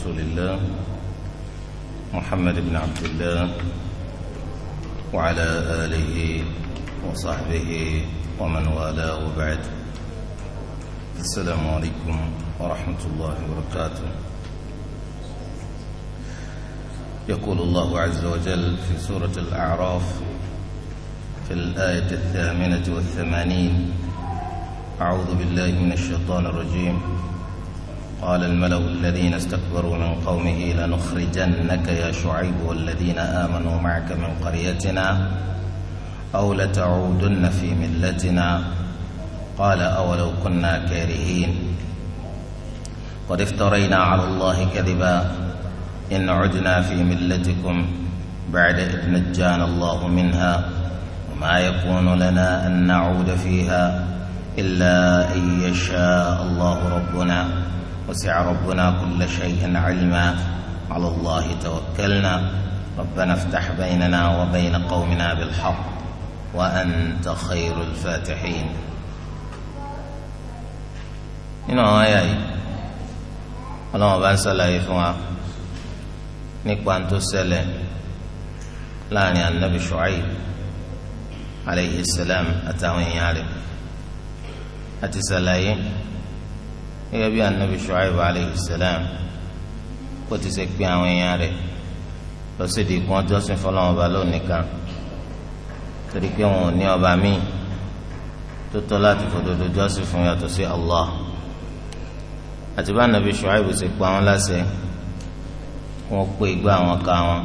رسول الله محمد بن عبد الله وعلى آله وصحبه ومن والاه وبعد السلام عليكم ورحمة الله وبركاته يقول الله عز وجل في سورة الأعراف في الآية الثامنة والثمانين أعوذ بالله من الشيطان الرجيم قال الملأ الذين استكبروا من قومه لنخرجنك يا شعيب والذين آمنوا معك من قريتنا أو لتعودن في ملتنا قال أولو كنا كارهين قد افترينا على الله كذبا إن عدنا في ملتكم بعد إذ نجانا الله منها وما يكون لنا أن نعود فيها إلا أن يشاء الله ربنا وسع ربنا كل شيء علما على الله توكلنا ربنا افتح بيننا وبين قومنا بالحق وأنت خير الفاتحين nínú àwọn àyà yìí ọlọ́wọ́n bá ń sàlàyé fún wa nípa tó ṣẹlẹ̀ láàrin anabi shu'aib aleyhi salam àtàwọn èèyàn rẹ̀ àti sàlàyé. gẹ́gẹ́ bí anabi shuaib aleyhi salam kó ti ṣe pé àwọn èèyàn rẹ̀ lọ sí di ìkún ọjọ́sìn fọlọ́wọn ọba lónìí kan torí pé wọn ò ní ọba míì tó tọ́ láti fòdodo jọ́sìn fún yàtọ̀ sí allah àti bá anabi shuaib ṣe pa wọn láṣẹ wọn pé igbá wọn ká wọn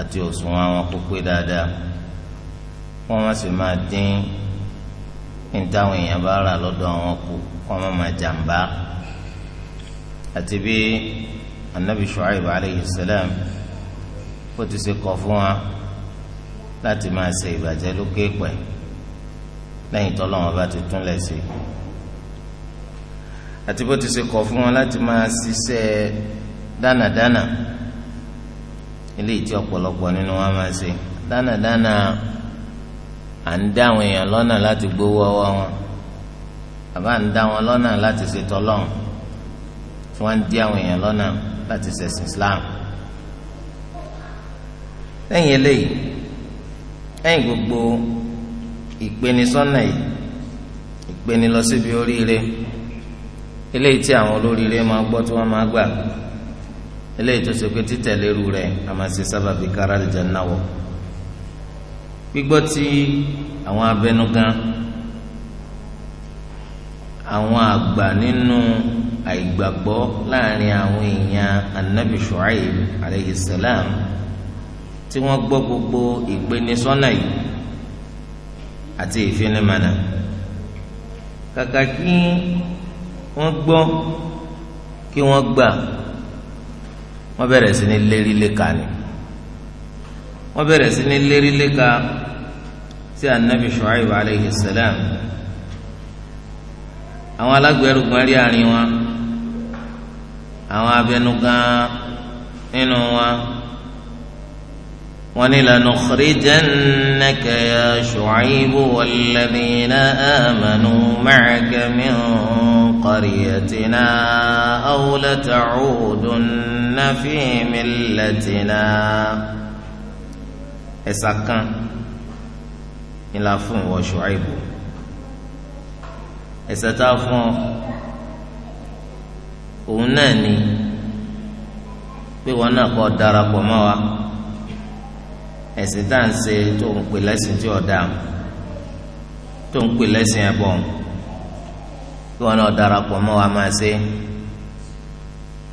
àti òṣùwọ̀n wọn kó pé dáadáa wọn má sì máa dín ní táwọn èèyàn bá rà lọ́dọ̀ àwọn kù kó wọ́n máa jàǹbá àti bí anabi shuaib aleyhi salam ó ti ṣe kọ̀ fún wa láti máa ṣe ìbàjẹ́ lókè pẹ̀ lẹ́yìn tó lọ́wọ́ bá ti túnlẹ̀ sí i àti bó ti ṣe kọ̀ fún wọn láti máa ṣiṣẹ́ dánadáná eléyìí tí ọ̀pọ̀lọpọ̀ nínú wa máa ṣe dánadáná. dana à ń dá àwọn èèyàn lọ́nà láti gbowó ọwọ́ wọn àbá ń dá wọn lọ́nà láti tí wọ́n ń dí àwọn èèyàn lọ́nà láti ṣẹ̀sìn Islam lẹ́yìn eléyìí lẹ́yìn gbogbo ìpenisọ́nà yìí ìpeni lọ síbi oríire eléyìí tí àwọn olóríire máa gbọ́ tí wọ́n máa gbà eléyìí tó ṣe pé títẹ̀lérú rẹ̀ àmàṣe sábàbí jẹ́ náwó. gbígbọ́ tí àwọn abẹnugan àwọn àgbà nínú àìgbàgbọ́ láàrin àwọn èèyàn anabi shuaib aleyhi salam tí wọ́n gbọ́ gbogbo ìpènisọ́nà yìí àti ìfinimànà kàkà kí wọ́n gbọ́ kí wọ́n gbà wọ́n bẹ̀rẹ̀ sí ní lérí léka ni wọ́n bẹ̀rẹ̀ sí ní léríléka sí anabi shuaib aleyhi salam àwọn alágbèrúgbọ́n rí àárín wọn àwọn abẹnugan nínú wọn wọn ni lanukhrijannaka ya shuaib walladhina amanu ma'aka min qaryatina ẹ̀sà kan ńlá fún ìwọ Ṣuaibu ẹ̀sà tá a fún ọ òun náà ni pé wọn náà kọ́ darapọ̀ mọ́ wa ẹ̀sìn tá à ń ṣe tó ń pè lẹ́sìn tí ọ̀dà tó ń pè lẹ́sìn ẹ̀bọ̀n kí wọn náà darapọ̀ mọ́ wa máa ṣe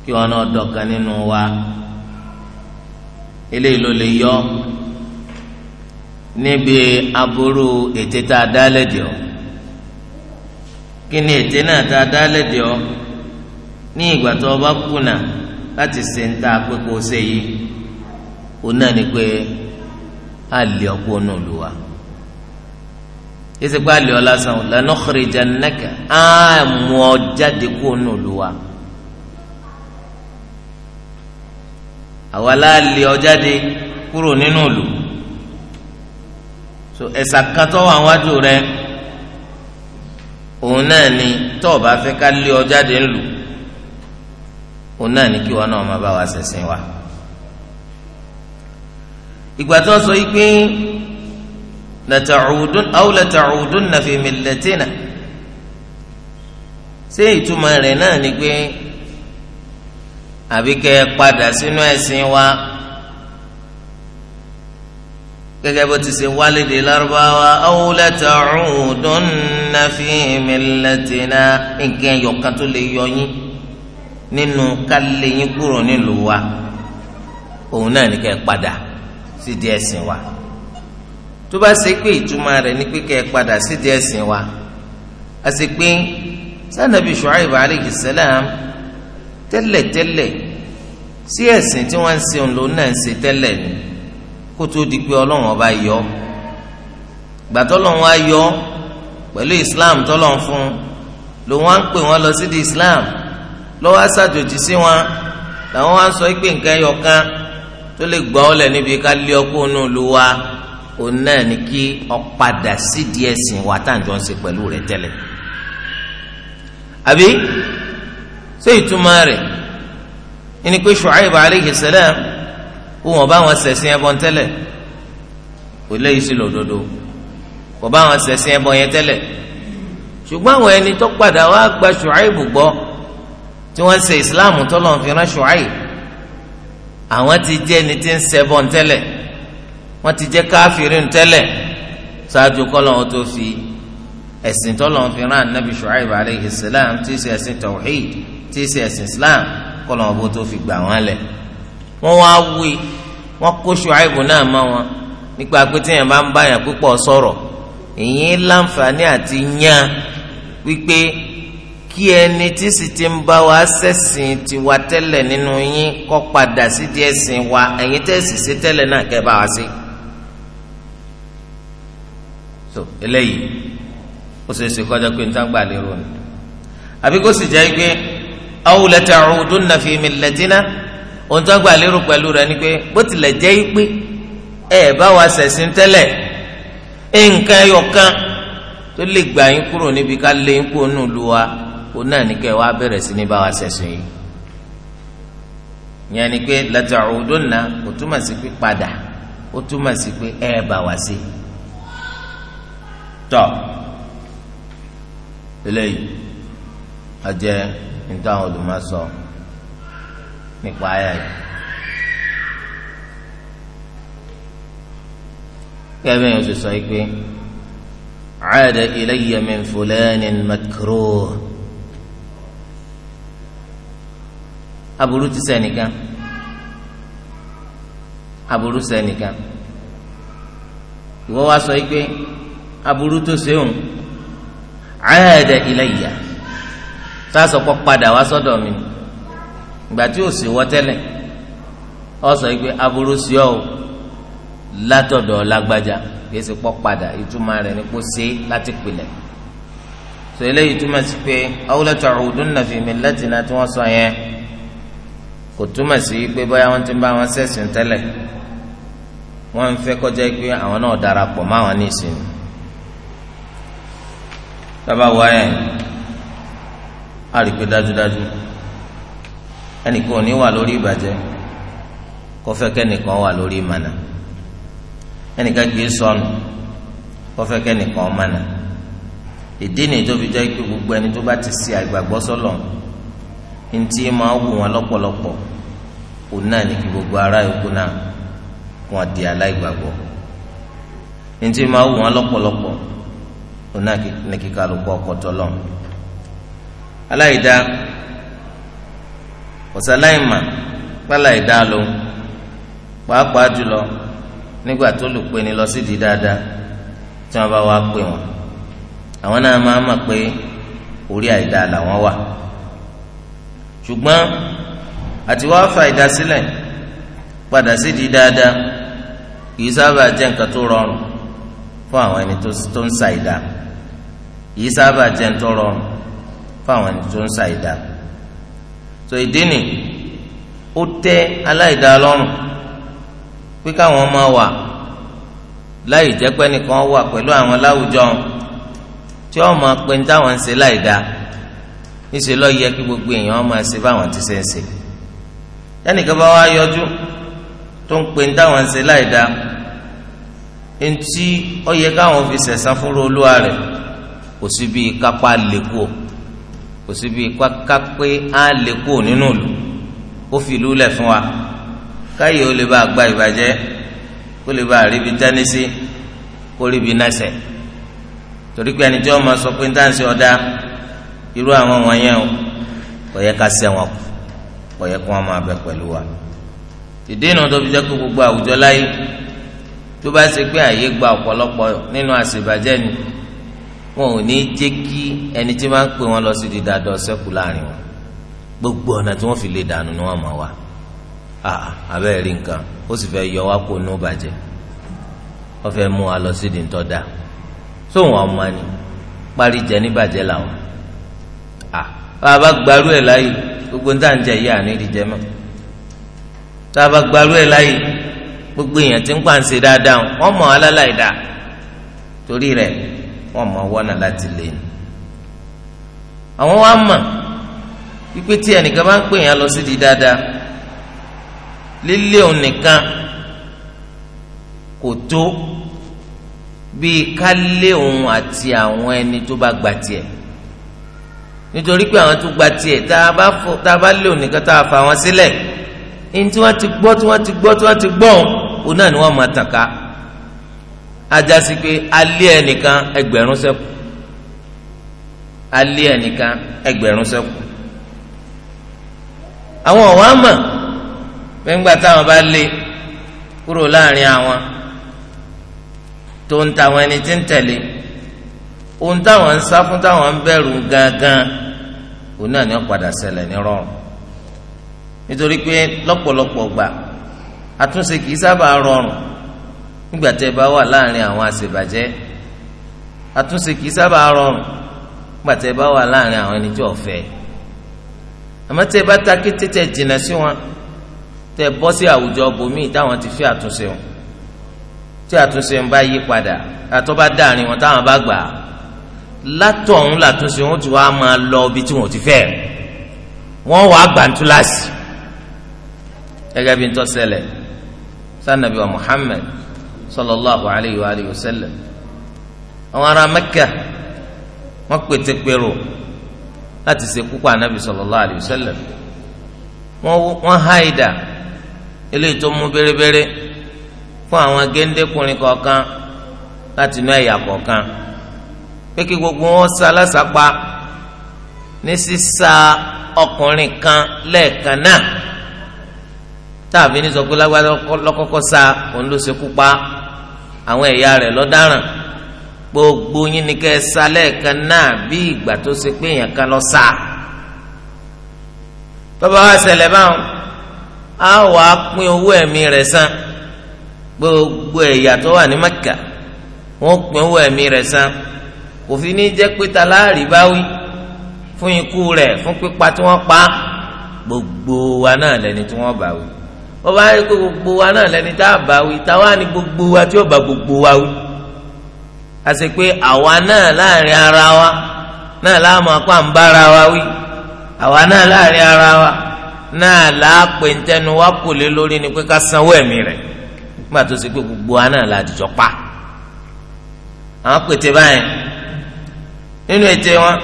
kí wọn náà dọ̀kan nínú wa eléyìí ló lè yọ níbi aburú ètè tá a dá lẹ́dìí ọ́ kí ni ètè náà tá a dá lẹ́dìí ọ́ ní ìgbà tó o bá kùnà láti ṣe ń ta pé ṣe yìí o náà ni pé a lè ọkọ náà lù wá yíṣẹ́ pé a lè ọ lásán lanukhrijannaka á mú ọ jáde kó náà lù àwa la lè ọ jáde kúrò nínú ìlú so ẹ̀sà kan tó wà wájú rẹ òun náà ni tó o bá fẹ́ ká lé ọ jáde ńlù òun náà ni kí wọn náà máa bá wa ṣẹ̀sìn wa ìgbà tó sọ yìí pé lata'udun aw lata'udunna fi millatina ṣé ìtumọ̀ rẹ̀ náà ni pé àbí kẹ́ ẹ padà sínú ẹ̀sìn wa gẹ́gẹ́ bó ti ṣe wálìdì lárúbáwá awúlẹ̀ tó ọ̀hún dùnà fi mílẹ̀tìnà nǹkan ẹ̀yọ̀kan tó lè yọ yín nínú kálẹ̀ yín kúrò nílùú wa òun náà ní kẹ́ ẹ padà sídìí ẹ̀sìn wa tó bá ṣe pé ìtumọ̀ rẹ̀ ní pé kẹ́ padà sídìí ẹ̀sìn wa a sanabi shuaib aleyhi salam tẹ́lẹ̀tẹ́lẹ̀ sí ẹ̀sìn tí wọ́n ń ṣe òun lòun náà ń ṣe tẹ́lẹ̀ ni kó tó di pé ọlọ́run ọba yọ gbà tọ́lọ́run wá yọ pẹ̀lú islam tọ́lọ́run fún ló wá ń pè wọ́n lọ sí di islam lọ́wọ́ aṣàjòjì sí wọn làwọn wá ń sọ pé nǹkan ẹyọ kan tó lè gbọ́ ọ lẹ̀ níbi ká lé ọkọ ònú lu wa òun náà ni kí ọ padà sídìí ẹ̀sìn wa tá à ń jọ ń ṣe pẹ̀lú rẹ̀ tẹ́lẹ̀ àbí ṣé ìtumọ̀ rẹ̀ ẹni pé Shu'aib alayhi salam wọn bá wọn ṣẹ̀sìn ẹbọ tẹ́lẹ̀ kò léyìí sí lòdodo kò bá wọn ṣẹ̀sìn ẹbọ yẹn tẹ́lẹ̀ ṣùgbọ́n àwọn ẹni tó padà wá gba ṣùáìbù gbọ́ tí wọ́n ṣe ìsìláàmù tọ́lọ́run fi rán ṣùáì àwọn ti jẹ́ ẹni tí ń ṣẹbọ tẹ́lẹ̀ wọ́n ti jẹ́ káfírin tẹ́lẹ̀ ṣáájú kọ́lọ́run tó fi ẹ̀sìn tọ́lọ́run fi rán ànábì ṣùáìbù alayhi salam tí ì ṣe ẹ̀sìn tí ì ṣe ẹ̀sìn islam kọ́lọ́run bó tó fi gbà wọ́n lẹ̀ wọ́n wá wí wọ́n kó ṣùáìbù náà mọ́ wọn nípa pé tíyẹn bá ń báyàn púpọ̀ sọ̀rọ̀ ìyẹn láǹfààní àti yán wípé kí ẹni tí sì ti ń bá wa ṣẹ̀sìn tiwa tẹ́lẹ̀ nínú yín kọ́ padà sí díẹ̀ sìn wa ẹ̀yin tẹ̀sí sí tẹ́lẹ̀ náà kẹ́ bá wa sí. so eléyìí ó ṣe é ṣe kọjá pé níta gbà lérò ni àbí kó sì jẹ́ pé aw la ta'udunna fi ohun tó ń gbà lérò pẹ̀lú rẹ ni pé bó tilẹ̀ jẹ́ pé ẹ bá wa sẹ̀sìn tẹ́lẹ̀ nǹkan ẹyọkan tó lè gbà yín kúrò níbi ká lé yín kúrò nù lu wa náà ní kẹ́ ẹ wá bẹ̀rẹ̀ sí ní bá wa sẹ̀sìn yìí ìyẹn ni pé lata'udunna ó túmọ̀ sí pé padà ó túmọ̀ sí pé ẹ bá wa sí tọ́ eléyìí a nítorí àwọn olùmọ̀ So. nípa ayà yìí. kẹ́mi yóò sọ yìí pé عاد إلي من فلان مكروه aburú ti sẹ́nìkan aburú sẹ́nìkan ìwọ wá sọ yìí pé aburú tó sẹ́wọ̀n عاد إلي sásọpọ̀ padà wá sọ́dọ̀ mi ni ìgbà tí ò sí wọ́tẹ́lẹ̀ ọ sọ pé aburú sí ọ o látọ̀dọ̀ lágbájá kìí ṣe pọ́ padà ìtumọ̀ rẹ̀ ni kò ṣe láti pilẹ̀ sọ eléyìí túmọ̀ sí pé awla ta'udunna fi millatina tí wọ́n sọ yẹn kò túmọ̀ sí pé bóyá wọ́n ti ń bá wọn ṣẹ̀sìn tẹ́lẹ̀ wọ́n ń fẹ́ kọjá pé àwọn náà darapọ̀ mọ́ àwọn ní tábà wáyà yìí a rí pé dájúdájú. Dájú. ẹnìkan ò wà lórí ìbàjẹ́ kọfẹ́ kẹ́nìkan wà lórí ìmànà ẹnìkan kì í sọnù kọfẹ́ kẹ́nìkan mànà ìdí ni tó fi jẹ́ pé gbogbo ẹni tó bá ti ṣe àgbàgbọ́ sọ́lọ̀ ntí máa wù wọn lọpọlọpọ òun náà ní kí gbogbo ará yòókù náà wọn di aláìgbàgbọ́ ntí máa wù wọn lọpọlọpọ òun náà ní kíkà lóko ọkọ̀ aláìdá. kọ̀sáláìmà pálá ìdá ló ń pàápàá jùlọ nígbà tó lù pé ni lọ sí di dáadáa tí wọn bá wá pè wọn àwọn náà máa mọ̀ pé orí àìdá làwọn wà ṣùgbọ́n àti wá fa ìdá sílẹ̀ padà sí di dáadáa kìí sábà jẹ́ nǹkan tó rọrùn fún àwọn ẹni tó ń sa ìdá sábà jẹ́ nǹkan tó rọrùn fún àwọn ẹni tó ń sa so ìdí ni ó tẹ́ aláìdá lọ́rùn pé káwọn máa wà láì jẹ́ pé ẹnìkan wà pẹ̀lú àwọn láwùjọ tí wọ́n máa pe ní táwọn ń ṣe láìdá níṣẹ́ ló yẹ kí gbogbo èèyàn máa ṣe báwọn ti ṣe ń ṣe ẹnìkan bá wá yọjú tó ń pe táwọn ń ṣe láìdá ntí ó yẹ káwọn fi sẹ̀sán fúnra olúwa rẹ̀ kò sí bíi kápá lè kò sí bíi káká pé á lè kó nínú ìlú ó fi ìlú lẹ̀ fún wa káyé ó lè bá gba ìbàjẹ́ kó lè bá ríbi tẹ́nísì kó ríbi nẹ́sẹ̀ torí pé ẹni tí wọ́n máa sọ pé ntáǹsì ọ̀dà irú àwọn wọ̀nyẹn o kò ká ṣẹ̀ wọn kù kó wọn máa bẹ pẹ̀lú wa ìdí ìnà tó fi jẹ́ kó gbogbo àwùjọ láyé tó bá ṣe pé àyè gba ọ̀pọ̀lọpọ̀ nínú àṣebàjẹ́ ni wọn ò ní jẹ́ kí ẹni tí máa ń pè wọn lọ sí di dáadọ́ sẹ́kù láàrin wọn gbogbo ọ̀nà tí wọ́n fi lè dànù ni wọ́n máa wà abẹ́rẹ́ rí nǹkan ó sì fẹ́ yọ wá kó nú bàjẹ́ wọ́n fẹ́ mú wa lọ sí di ntọ́ da sóhun ọmọ ni parí jẹ ní bàjẹ́ làwọn bàbá gbarú ẹ̀ láyè gbogbo ń tàn yìí àní ìdíjẹ mọ́ bàbá gbarú ẹ̀ láyè gbogbo èèyàn ti ń pàǹsẹ̀ dáadáa wọ́n mọ̀ wọ́n mọ wọ́nà láti lè ní. àwọn wa mọ̀ wípé tí ẹnìkan bá ń pè yàn lọ sí di dáadáa lílé òun nìkan kò tó bíi ká lé òun àti àwọn ẹni tó bá gba tiẹ̀ nítorí pé àwọn tó gba tiẹ̀ tá a bá lé òun nìkan tá a fà wọ́n sílẹ̀ ní tí wọ́n ti gbọ́ tí wọ́n ti gbọ́ tí wọ́n ti gbọ́ òun náà ni wọ́n máa tàn ajásí pé alẹ́ ẹnìkan ẹgbẹ̀rún sẹ́kù alẹ́ ẹnìkan ẹgbẹ̀rún sẹ́kù àwọn ọ̀wá mà gbẹ́ngbà táwọn bá lé kúrò láàrin àwọn tó ń tàwọn ẹni tí ń tẹ̀lé ohun táwọn ń sá fún táwọn ń bẹ̀rù gangan òun náà ni wọ́n padà ṣẹlẹ̀ ní rọrùn nítorí pé lọ́pọ̀lọpọ̀ gbà àtúnṣe kì í sábà rọrùn nígbà tẹ́ bá wà láàrin àwọn àṣebàjẹ́ àtúnṣe kìí sábà rọrùn nígbà tẹ́ bá wà láàrin àwọn ẹni tí ò fẹ́ àmọ́ tẹ́ bá ta kété tẹ́ jìnnà sí wọn tẹ́ bọ́ sí àwùjọ bòmíì táwọn ti fi àtúnṣe wọn tí àtúnṣe wọn bá yí padà àtọ́ bá dáàrin wọn táwọn bá gbà á látọ̀ làtúnṣe wọn ti wá máa lọ ibi tí wọn ò ti fẹ́ wọn wàá gbàǹtúláàsì gẹ́gẹ́ bí n tọ́ ṣẹlẹ̀ sanabi wa Muhammad sallallahu alayhi wa alihi wa sallam àwọn ará mẹ́kà wọ́n pété pérò láti ṣekú pa anabi sallallahu alayhi wa sallam wọ́n há ìdá eléyìí tó mú bérebére fún àwọn géńdékùnrin kọ̀ọ̀kan láti inú ẹ̀yà kọ̀ọ̀kan pé kí gbogbo wọn sá lásàpá ní sísá ọkùnrin kan lẹ́ẹ̀kan náà tàbí ní sọ pé lágbádá lọ́kọ́kọ́ sá òun ló ṣekú pa á àwọn ẹ̀yà rẹ̀ lọ́daràn gbogbo yín ni kẹ́ ẹ sá lẹ́ẹ̀kan náà bí ìgbà tó ṣe pé èèyàn kan lọ sá bàbá wa ṣẹlẹ̀ báwọn á wà á pín owó ẹ̀mí rẹ̀ san gbogbo ẹ̀yà tó wà ní Mẹ́kà wọ́n pín owó ẹ̀mí rẹ̀ san kò fi ní jẹ́ pé ta bá wí fún ikú rẹ̀ fún pípa tí wọ́n pa gbogbo wa náà lẹ́ni tí wọ́n bá wí wọ́n bá rí pé gbogbo wa náà lẹ́ni tá a bá wí táwa gbogbo wa tí ó gbogbo wa wí a sì pé àwa náà láàrin ara wa náà láàmú apá ń bára wa wí àwa náà láàrin ara wa náà láàpẹ̀ ntẹnu wa kò lé lórí ni pé gbogbo wa náà la àdìjọ pa àwọn pètè báyìí nínú wọn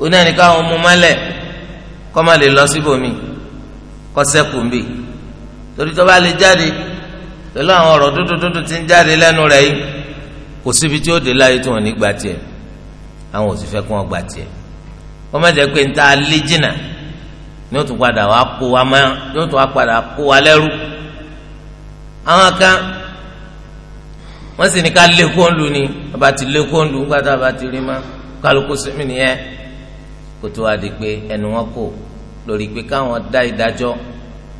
oní ẹnìkan torí tó bá lè jáde pẹ̀lú àwọn ọ̀rọ̀ dúdú dúdú tí ń jáde lẹ́nu rẹ̀ yìí kò síbi tí ó dé láyé tí wọ́n ní gba tiẹ̀ àwọn ò sì fẹ́ kí wọ́n gba tiẹ̀ wọ́n má pé ń ta alé jìnnà ni ó tún padà wá kó wa má ni ó tún wá padà kó wa lẹ́rú àwọn kan wọ́n sì ní ká lé kóńdù ni bàbá ti lé kóńdù nígbà tá ti rí ma kálukú sinmi nìyẹn kó tó wá di pé ẹnu wọn kò lórí pé káwọn dá ìdájọ́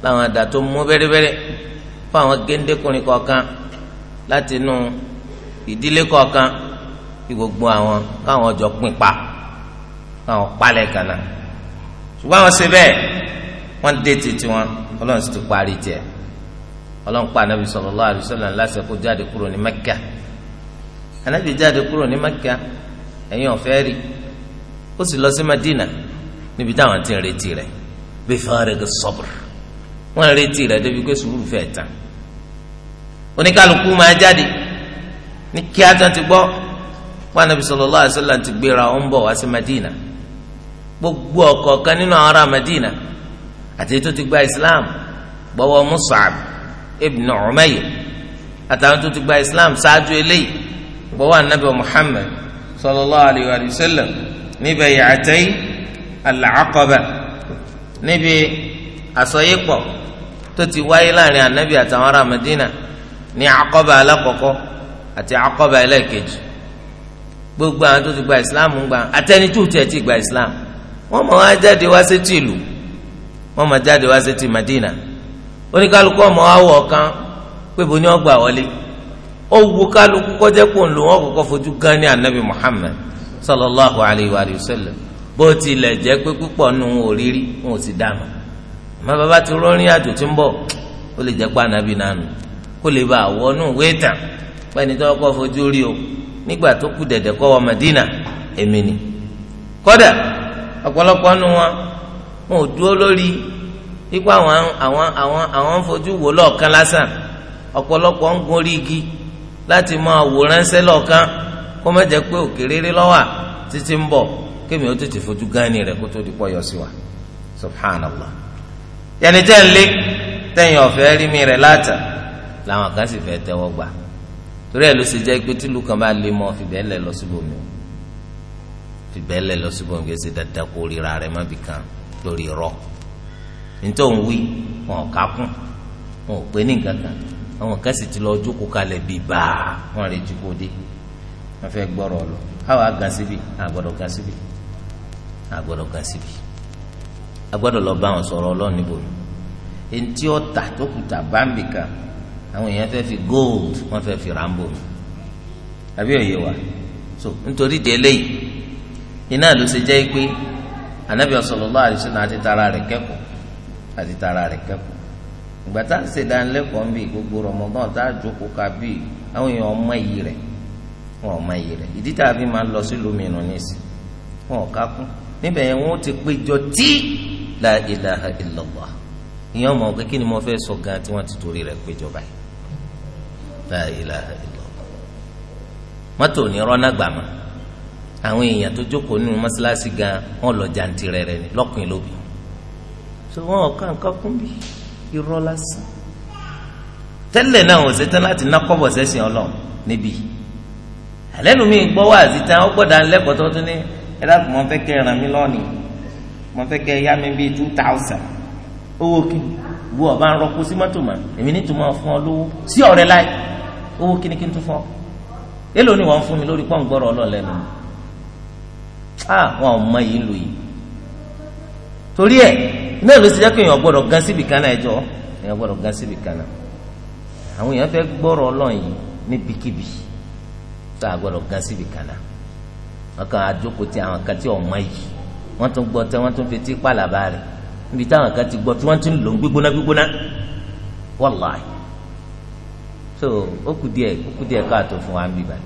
láwọn àdá tó mú bẹ́rẹ́bẹ́rẹ́ fún àwọn géńdékùnrin kọ̀ọ̀kan láti inú ìdílé kọ̀ọ̀kan kí gbogbo àwọn káwọn ọjọ́ pín pa káwọn palẹ̀ kànáà ṣùgbọ́n àwọn ṣe bẹ́ẹ̀ wọ́n dé títí wọn ọlọ́run sì ti parí tiẹ̀ ọlọ́run pa anabi sallallahu alaihi wasallam láṣẹ kó jáde kúrò ní mẹ́kà anabi jáde kúrò ní mẹ́kà ẹ̀yin ọ̀fẹ́ rí ó sì lọ sí madina níbi táwọn ti ń retí rẹ̀ bí fáwọn rẹ̀ gẹ̀ sọ́bùrù wọ́n retí rẹ̀ débi pé sùúrù fẹ́ tán oníkàlùkù máa jáde ní kíá tán ti gbọ́ wọn Ànábì sallallahu alaihi wasallam ti gbéra ó ń bọ̀ wá sí Madina gbogbo ọ̀kọ̀ọ̀kan nínú àwọn ará Madina àti ètò ti gba Islam gbọ́wọ́ Mus'ab ibn Umayr àtàwọn tó ti gba Islam ṣáájú eléyìí gbọ́wọ́ Ànábì Muhammad sallallahu alaihi wasallam ní bay'atay al-Aqaba níbi àsọyípọ̀ tó ti wáyé láàrin anabi àtàwọn ará Madina ní akọba alákọ̀ọ́kọ́ àti akọba ẹlẹ́ẹ̀kejì gbogbo àwọn tó ti gba islam ń gba atẹnitú tiẹ̀ ti gba islam wọ́n mọ̀ wá jáde wá sí ti ìlú wọ́n mọ̀ jáde wá sí ti Madina oníkálukú ọmọ awọ kan pé bo ni wọ́n gbà wọlé ó wu kálukú kọjá kó ń lò wọ́n kọ́kọ́ fojú gan ní anabi Muhammad sallallahu alayhi wa sallam bó tilẹ̀ jẹ́ pé púpọ̀ nù orírí wọn ò sì dáná àmọ́ bàbá ti rọrin àjò tí ń bọ̀ ó lè jẹ́ pé ànábì nánu kó lè bá àwọnú wéètà pẹ́ni tó kọ́ fojú rí o nígbà tó kù dẹ̀dẹ̀ kọ́ wọ Madina èmi ni kódà ọ̀pọ̀lọpọ̀ nu wọn wọn ò dúró lórí ikú àwọn àwọn àwọn àwọn ń fojú wò lọ́ọ̀kan lásán ọ̀pọ̀lọpọ̀ ń gun orí igi láti máa wò ránṣẹ́ lọ́ọ̀kan kó má jẹ́ pé òkèrèrè lọ́wà títí ń bọ̀ kémi ó tètè fojú gánni rẹ̀ kó tó di pọ̀ yọ sí wa subhanallah yẹni tẹ́ ń lé tẹ́yìn ọ̀fẹ́ rí mi rẹ̀ láta làwọn kan sì fẹ́ tẹ́wọ́ gbà torí ẹ̀ ló ṣe jẹ́ pé tìlú kan bá lé mọ́ fìbẹ́ lẹ̀ lọ síbòmí o fìbẹ́ lẹ̀ lọ síbòmí kì í ṣe dandan kó ríra rẹ̀ má bì kan lórí rọ nítorí òun wí wọn ò kún wọn ò pé ní nǹkan àwọn kan sì ti lọ jókòó kalẹ̀ bíi báà wọn rè jí kó dé wọn fẹ́ gbọ́rọ̀ lọ káwa gan síbi àgbọ̀dọ̀ gan síbi àgbọ̀dọ̀ gan síbi. a gbọ́dọ̀ lọ bá wọn sọ̀rọ̀ Ọlọ́run níbo ntí ọ̀tà tó kùtà bámbì àwọn fi gold wọ́n fi rambo àbí òye wa so nítorí délé yìí iná ló jẹ́ pé anabi sallallahu alaihi àti tara rẹ̀ kẹ́kọ̀ọ́ àti tara rẹ̀ kẹ́kọ̀ọ́ ìgbà a gbogbo Ramadan àwọn èèyàn ọmọ yìí rẹ̀ wọn ọmọ yìí rẹ̀ ìdí lọ nísì wọn ò la ilaha illallah ìyẹn ọmọ òkè kí ni mo fẹ́ sọ gan tí wọ́n ti torí rẹ̀ péjọba yìí la ilaha illallah mọ́tò ní rọ́nàgbàmọ́ àwọn èèyàn tó jókòó nínú mọ́ṣáláṣí gan wọ́n lọ jàǹtì rẹ̀ rẹ̀ ní lọ́kùnrin lóbi so wọn ọ̀ka nǹkan kún bí irọ́ lásán tẹ́lẹ̀ náà ò ṣetán láti ná kọ́bọ̀ sẹ́sìn ọlọ́run níbí àlẹ́nu mi gbọ́ wá àti tán ó gbọ́dọ̀ lẹ́kọ̀ọ́ tó tún ní ẹ dákun mọ́ fẹ́ kẹ́ ẹ̀ràn mi lọ́nìí mo fẹ́ kẹ́ yá mi bíi two thousand owó kìíní wo ọba ń rọpò sí mọ́tò mọ́ èmi ní tòmọ́ fún ọ lówó sí ọ̀rẹ́ láì owó kìíní kí n tún fún ọ ni wọ́n fún mi lórí pọ́ǹ gbọ́rọ̀ ọlọ́ọ̀lẹ́nu ah wọn ò mọ yìí ń lò yìí torí ẹ náà ló ti jẹ́ pé èèyàn gbọ́dọ̀ gan síbi kan náà ẹjọ́ èèyàn gbọ́dọ̀ gan síbi kan náà àwọn èèyàn fẹ́ gbọ́rọ̀ ọlọ́run yìí níbikíbi tá a gbọ́dọ̀ gan síbi kan náà wọ́n kàn ti àwọn kan tí ò mọ yìí wọn tún gbọ́ tẹ tún fetí pàlàbà rẹ̀ níbi táwọn kan ti gbọ́ tí wọ́n tún lò ń gbígbóná gbígbóná so ó kù díẹ̀ ó káàtó fún wa ń bíbá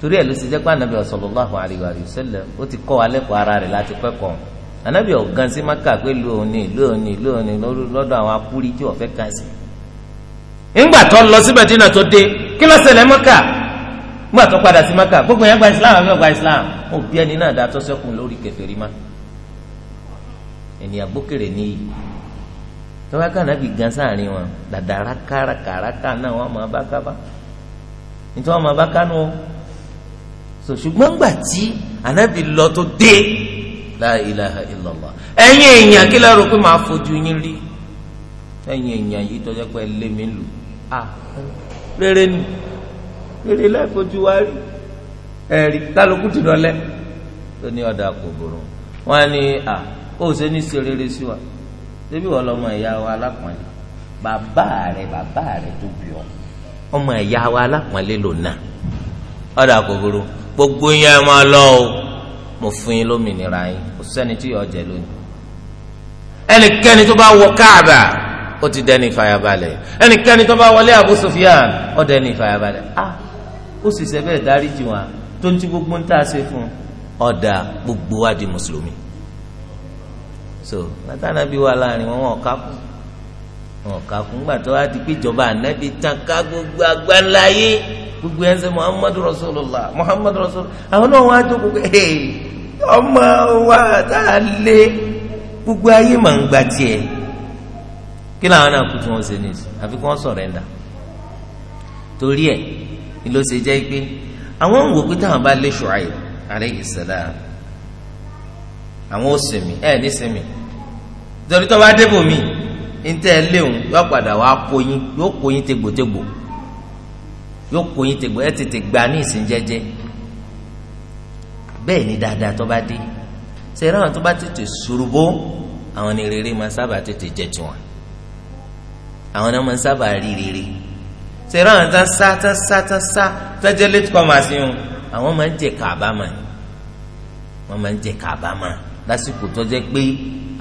torí ẹ̀ ló ṣe jẹ́ pé anabi sallallahu alayhi ti kọwa alẹ́ ara láti anabi sí maka pé lu òní lu òní lu òní àwọn tí kàn sí. ńgbà tó lọ nígbà tó padà sí maka gbogbo yẹn gba islam àbí ọgbà islam ó bí ẹni náà dá tọ́sẹ́kùn lórí kèfèrí ma ènìyàn gbókèrè níyì tọ́wá kànáàbì gan sáàrin wọn dàdà rákàràkàràkà náà wọn máa bá kábà nítorí wọn máa bá kánú o so ṣùgbọ́n gbà tí ànábì lọ tó dé la ilaha illallah ẹ̀yin èèyàn kí lóò rò pé màá fojú yín rí ẹ̀yin èèyàn yìí tọ́jú pé ẹ lé mi lù ah rere ni eré láìfojú wa rí ẹ̀rí kálukú ti dọ̀lẹ́ tó ní ọ̀dà kò burú wọn ni à ó ṣe ní ṣe rere sí wa débi wọn lọmọ ìyá wa alápọ̀nlé bàbá rẹ bàbá rẹ tó bí ọ ọmọ ìyá wa alápọ̀nlé lò náà ọ̀dà kò burú gbogbo yẹn máa lọ o mo fún yín lómìnira yín kò sẹ́ni tí yọ̀ọ́ jẹ lónìí ẹnikẹ́ni tó bá wọ káàbà ó ti dẹni ìfàyàbalẹ̀ ẹnikẹ́ni tó bá wọlé Abu Sufyan ó dẹni ìfàyàbalẹ̀ ah ó sì ṣe bẹ́ẹ̀ dáríjì wọn tó ń ti gbogbo ń tà ṣe fún ọ̀dà gbogbo wa di mùsùlùmí so látànà bí wà láàrin wọn wọn ò kákú wọn ò kákú ńgbà tó wá di pé ìjọba ànábi tán ká gbogbo agbáńláyé gbogbo ẹsẹ muhammadu rasulullah muhammadu rasulullah àwọn náà wọn á jókòó pé ọmọ wa tá a lé gbogbo ayé màá ń gba tiẹ̀ kí làwọn náà kú tí wọn ṣe nìyí àfi kí wọn sọ̀rẹ́ńdà torí ẹ̀ ló ṣe jẹ́ pé àwọn ń wò pé táwọn bá lé Ṣuaib alayhi salam àwọn ò sinmi ẹ̀ ní sinmi torí tó bá débò mí ntẹ́ ẹ léwu yóò padà wá kóyin yóò kóyin tegbòtegbò yóò kóyin tegbò ẹ tètè gba ní ìsìn jẹ́jẹ́ bẹ́ẹ̀ ni dáadáa tó bá dé sẹ́yìn àwọn tó bá tètè ṣùrùbó àwọn ni rere máa sábà tètè jẹ tiwọn àwọn náà máa sábà rí rere tẹ̀rọ àwọn tán sá tán sá tán sá tẹ́jẹ́ létí kọ́ máa sí wọn àwọn máa ń jẹ kàbámà wọ́n máa ń jẹ kàbámà lásìkò tọ́jẹ́ pé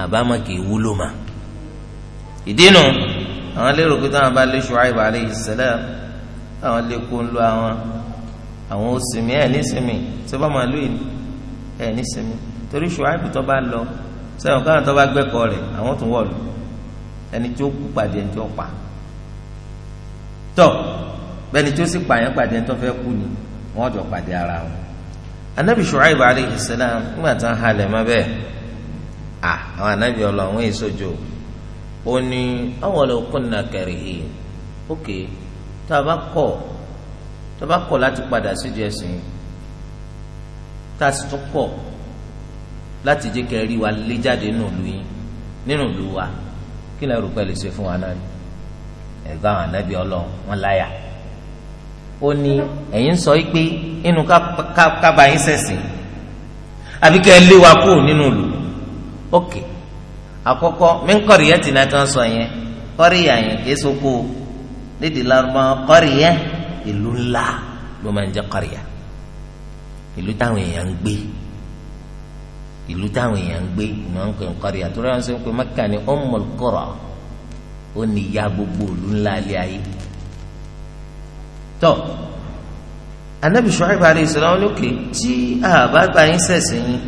àbámà kì í wúlò mà ìdínú àwọn lérò pé táwọn bá lé Ṣuaib alayhi salam àwọn lè kó ń lo àwọn àwọn òsìmí ẹ̀ nísìmí tí wọ́n máa lò yìí ẹ̀ nísìmí torí Ṣuaib tó bá lọ sẹ́wọ̀n káwọn tó bá gbẹ́kọ̀ọ́ rẹ̀ àwọn tó wọ̀ lù ẹni tó kú pàdé ẹni tó pa tọ bẹ́ẹ̀ni tí ó sì pààyàn pàdé tó fẹ́ kú ni wọ́n jọ pàdé ara wọn anabi shuaib aleyhi salam nígbà tí wọ́n halẹ̀ mọ́ bẹ́ẹ̀ à àwọn anabi ọlọ àwọn èsojo ó ní awọlẹ kunna karihin ok tá a bá kọ̀ tá a bá kọ̀ láti padà síjú ẹ̀sìn tá a sì tún kọ̀ láti jẹ́ kẹrí wa lé jáde nínú ìlú yín nínú ìlú wa kí lè rò pẹ́ ṣe fún wa náà ni ẹgbẹ́ àwọn anábì Ọlọ́run wọn láyà ó ní ẹ̀yin sọ pé inú kábàá yín ṣẹ̀sìn àbí kẹ́ ẹ lé wa kúrò nínú ìlú ok àkọ́kọ́ mí kọ́rì yẹn tìǹà tí wọ́n sọ yẹn kọ́rì yà yẹn kì í soko lédi larubá kọ́rì yẹn ìlú ńlá ló máa ń jẹ́ kọ́rì yà ìlú táwọn èèyàn ń gbé ìlú táwọn èèyàn ń gbé ìmọ̀ ń pè ń kọ́rì yà tó rẹ̀ wọ́n sọ pé Mẹ́kà ni Ummul Qura ó ní ìyá gbogbo òlu ńlá alẹ́ ayé tọ́ anabi Shu'aib alayhi salam lókè tí àbá gba yín sẹ̀sìn yín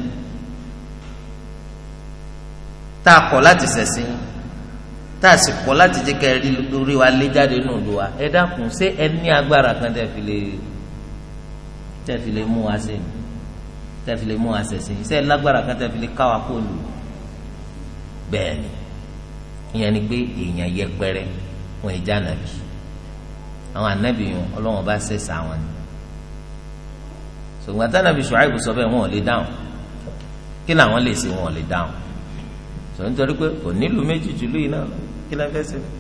tá a kọ̀ láti sẹ̀sìn yín tá a sì kọ̀ láti jẹ́ ká ẹrí lórí wa lé jáde nù lù wa ẹ dákun ṣé ẹ ní agbára kan tẹ́ fi lè mú wa ṣe tẹ́ fi lè mú wa sẹ̀sìn yín ṣé ẹ lágbára kan tẹ́ fi lè ká wa kó lù bẹ́ẹ̀ ni ìyẹn ni pé èèyàn yẹpẹrẹ wọn ì já nàbì àwọn ànábì yẹn ọlọ́wọ́n bá sẹ̀sà àwọn ni ṣùgbọ́n tánàbì Ṣuaibu sọ bẹ́ẹ̀ wọn ò lè dáhùn kí làwọn lè ṣe wọn ò lè dáhùn sọ nítorí pé kò nílùú méjì jùlú yìí náà kí lẹ́fẹ́ ṣe fún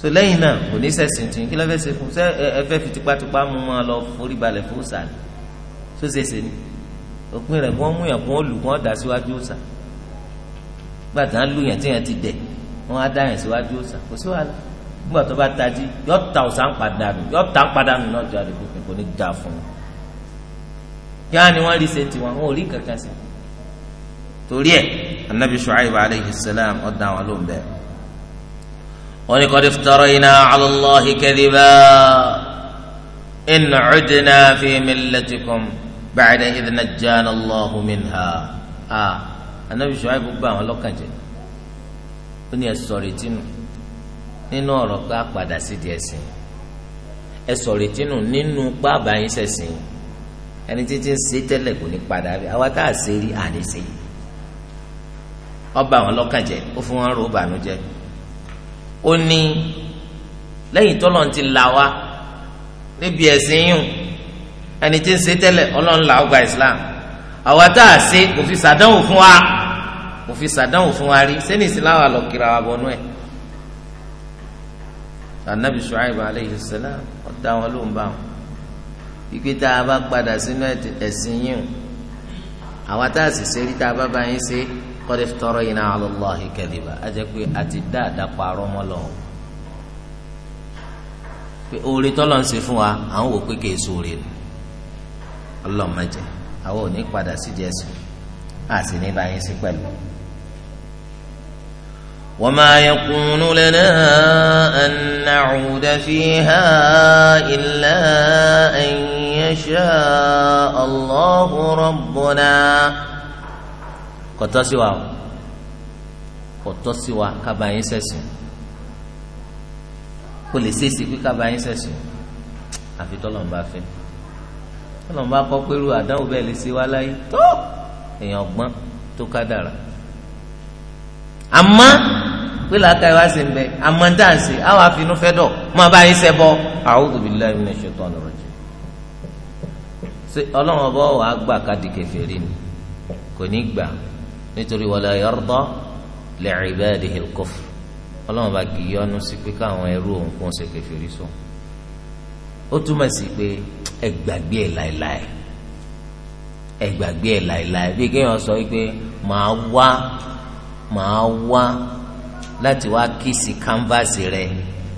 so lẹ́yìn náà kò ní sẹ̀sìn tún kí lẹ́fẹ́ ṣe fún ṣé ẹ fẹ́ fi tipátipá mú wọn lọ forí balẹ̀ fún òòsà ni tó ṣe ni òpin rẹ̀ kí wọ́n mú yàn kí lù kí dà síwájú òòsà gbàtà lù yàn tí yàn ti dẹ̀ wọn á dáhùn síwájú òòsà kò sí wàhálà nígbà tó bá tají yọ ta òòsà ń padà nù yọ ta ń padà nù náà jáde kókè kò ní da fún un kí á ní wọn rí sèǹtì wọn wọn ò rí kankan sí torí ẹ anabi shuaib aleyhi salam ọdàn wọn ló ń bẹ wọn ni qad iftarayna ala Allahi kadhiba in udna fi millatikum ba'da idh najjana Allahu minha anabi ah, shuaib gbà wọn lọ́kàn jẹ́ ó ní ẹ sọ retí nù nínú ọ̀rọ̀ ká padà sídìí ẹ̀sìn ẹ sọ retí nù nínú pábà yín sẹ̀sìn ẹni títí ń ṣe tẹ́lẹ̀ kò ní padà rí àwa tá a ṣe rí àní ṣe ọba àwọn lọ́kàn jẹ́ ó fún wọn rò bànújẹ́ ó ní lẹ́yìn tọ́lọ́ ti là wá níbi ẹ̀sìn yìí ẹni tí ń ṣe tẹ́lẹ̀ ọlọ́run là ó gba Islam àwa tá a ṣe kò fi ṣàdánwò fún wa kò fi sàdánwò fún wa rí sẹ́ni ìsìláwà lọ kiri àwọn abọ́nú ẹ̀ anabi Shu'aib aleyhi salam ọ̀dà wọn ló ń bá wọn ìgbé tá a bá padà sínú ẹ̀sìn yìí àwa tá a sì ṣe rí tá a bá bá yín ṣe qad iftarayna ala Allahi kadhiba á jẹ́ pé a ti dá àdàpọ̀ àrọ́ mọ́ lọ́wọ́ pé oore tọ́lọ̀ ń ṣe fún wa àwọn wò pé kìí sóore ni ọlọ́mọdé àwọn ò ní padà sídìí ẹ̀sìn àti ní báyìí sí pẹ̀lú. وما يكون لنا أن نعود فيها إلا أن يشاء الله ربنا قطاسوا قطاسوا كباين سسين كل سيسي كباين سسين àfi tọ́lọ́n bá fẹ́ tọ́lọ́n bá kọ́ pẹ́rú àdáwò bẹ́ẹ̀ lè ṣe wá láyé tó èèyàn gbọ́n tó ká dára àmọ́ pé làákàyè wá sí ń bẹ àmọ́ ń tà ń sè àwọn àfinú fẹ́ dọ̀ máa bá yín sẹ́bọ̀ a'udhu billahi minash shaitani rajim. ṣé ọlọ́run ọba wàá gbà káàdì kèfèrí ni kò ní gbà nítorí wala yarda li ibadihi al-kufr ọlọ́run ọba kì í yọ́nú sí pé káwọn ẹrú òun kún ṣe kèfèrí sùn. ó túmọ̀ sí pé ẹ ẹ̀ láéláé ẹ ẹ̀ láéláé màá wá láti wá kíìsì kánfàsì rẹ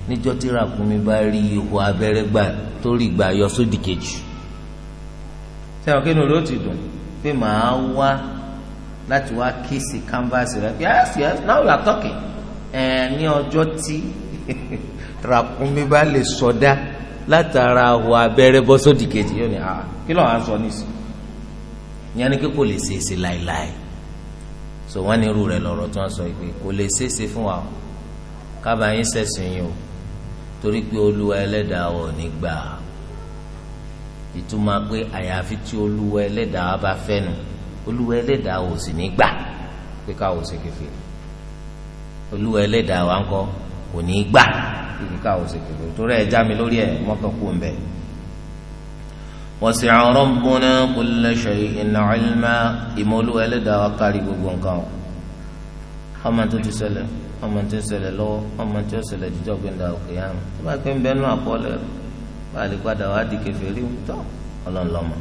níjọ́ tí ràkúnmí bá rí ihò abẹ́rẹ́ gbà tó rí gbà yọ sódì kejì sẹ́wọ̀n kí ni olóò ti dùn pé màá wá láti wá kíìsì kánfàsì rẹ yes yes now you are talking ẹ ní ọjọ́ tí ràkúnmí bá lè sọdá látara ahò abẹ́rẹ́ bọ́ sódì kejì yóò ní ah, kí ló wàá sọ nísìnyí ìyẹn ni kí kò lè ṣeé ṣe láéláé so wọ́n ní irú rẹ̀ lọ́rọ̀ tí wọ́n sọ pé kò lè ṣeéṣe fún wa o kábàá yín ṣẹ̀sìn yín o torí pé olúwa ẹlẹ́dàá ò ní gbà á ìtumọ̀ pé àyàfi tí olúwa ẹlẹ́dàá bá fẹ́nu olúwa ẹlẹ́dàá ò sì ní gbà pé káwọ́ ṣe kèfèrí olúwa ẹlẹ́dàá wa ń kọ́ kò ní gbà pé káwọ́ ṣe kèfèrí torí ẹ̀ já mi lórí ẹ̀ mọ́kàn kú ń bẹ̀ wasi'a rabbuna kulla shay'in 'ilma ìmọ̀lú ẹlẹ́dàá wa kárí gbogbo nǹkan ọmọ tó ti ṣẹlẹ̀ ọmọ tó ti ṣẹlẹ̀ lọ́wọ́ ọmọ tó ti ṣẹlẹ̀ jíjọ́ gbẹ̀ndà òkè yá mi tó bá pé ń bẹ́ẹ̀ nù àkọọ́lẹ̀ bá a lè padà wá di kèfèrí tọ́ ọlọ́ọ̀lọ́mọ.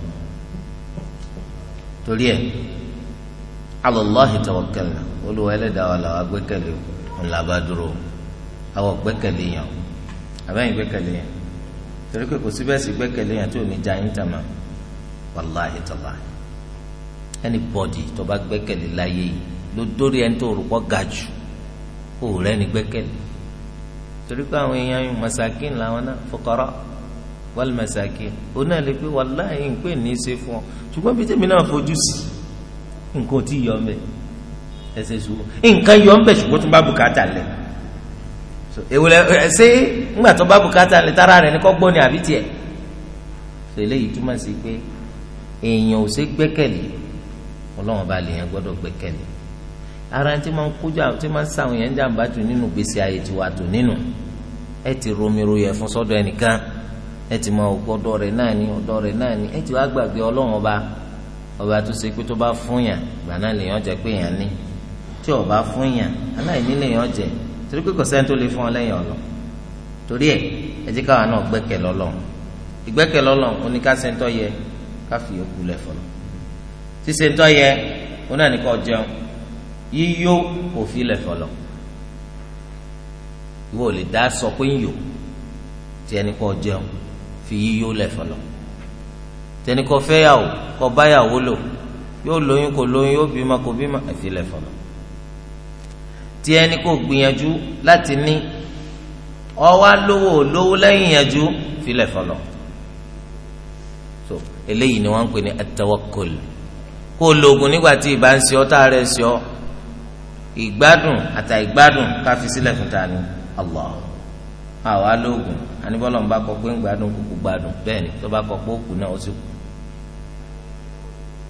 torí ẹ̀ ala Allahi tawakkalna olùwà ẹlẹ́dàá wa làwọn gbẹ́kẹ̀lé ńlá torí pé kò sí bẹ́ẹ̀ sì gbẹ́kẹ̀lé yẹn tó ní jayín tàmà wàláhì tàlá ẹni bọ́dì tó bá gbẹ́kẹ̀lé láyé yìí ló dórí ẹni tó rúkọ́ ga jù ó rẹ́ ni gbẹ́kẹ̀lé torí pé àwọn èèyàn yìí masakin làwọn náà fọkọrọ wàlú masakin ó náà lè pé wàláhì nǹkan ní í ṣe fún ọ ṣùgbọ́n bí tèmi náà fojú sí nǹkan ò yọ ọ mẹ ẹsẹ̀ ṣùgbọ́n nǹkan yọ ọ mẹ ṣùgbọ́n tó bá bùkátà lẹ́nu ewúlẹ ṣé ńgbà tó bá bùkátà lè tara ní ni àbí tiẹ̀ tó eléyìí túmọ̀ sí pé èèyàn ò ṣe gbẹ́kẹ̀lé ọlọ́run bá lè yẹn gbọ́dọ̀ ara tí máa ń kójú àwọn máa ń sàwọn yẹn ń jàǹbá tó nínú gbèsè ayé ti wà tó nínú ẹ ti romiro yẹ fún ẹnìkan ẹ ti máa náà ni ọ̀dọ̀ rẹ̀ náà ni ẹ ti wá gbàgbé ọlọ́run ọba ọba tó ṣe pé tó bá fún yàn gbà náà lèèyàn jẹ pé yàn ní tí ọba fún yàn aláìní lèèyàn jẹ torí pé kò sẹ́ni tó lè fún ọ lẹ́yìn ọ̀lọ́ torí ẹ̀ ẹ jẹ́ káwa náà gbẹ́kẹ̀ lọ́lọ́ ìgbẹ́kẹ̀ lọ́lọ́ oníkásẹ́ńtọ́ yẹ káfí òkú lẹ̀ fọlọ́ sísèńtọ́ yẹ oní àníkọ́ jẹun yíyó òfin lẹ̀ fọlọ́ ìwọ ò lè dá sọ pé ń yò tí ẹni jẹun fi yíyó lẹ̀ fọlọ́ tẹnikọ́ fẹ́yàwó kọ́ báyàwó lò yóò lóyún kò lóyún yóò bímọ kò bímọ ẹ̀fin lẹ̀ fọlọ́ tiẹ̀ ni kò gbìyànjú láti ní ọwá lówó lówó lẹ́yìn yànjú filẹ̀ fọlọ́ so eléyìí ni wọ́n ń pè ní at-tawakkul kó o lo oògùn nígbà tí ìbá ń ṣe tá a rẹ̀ ṣe ìgbádùn àtà ìgbádùn ká fi sílẹ̀ fún ta ni Allah àwa lóògùn àníbọ́lọ́ ń bá kọ pé ń gbádùn kúkú gbádùn bẹ́ẹ̀ ni tó bá kọ pé ó náà ó sì kù.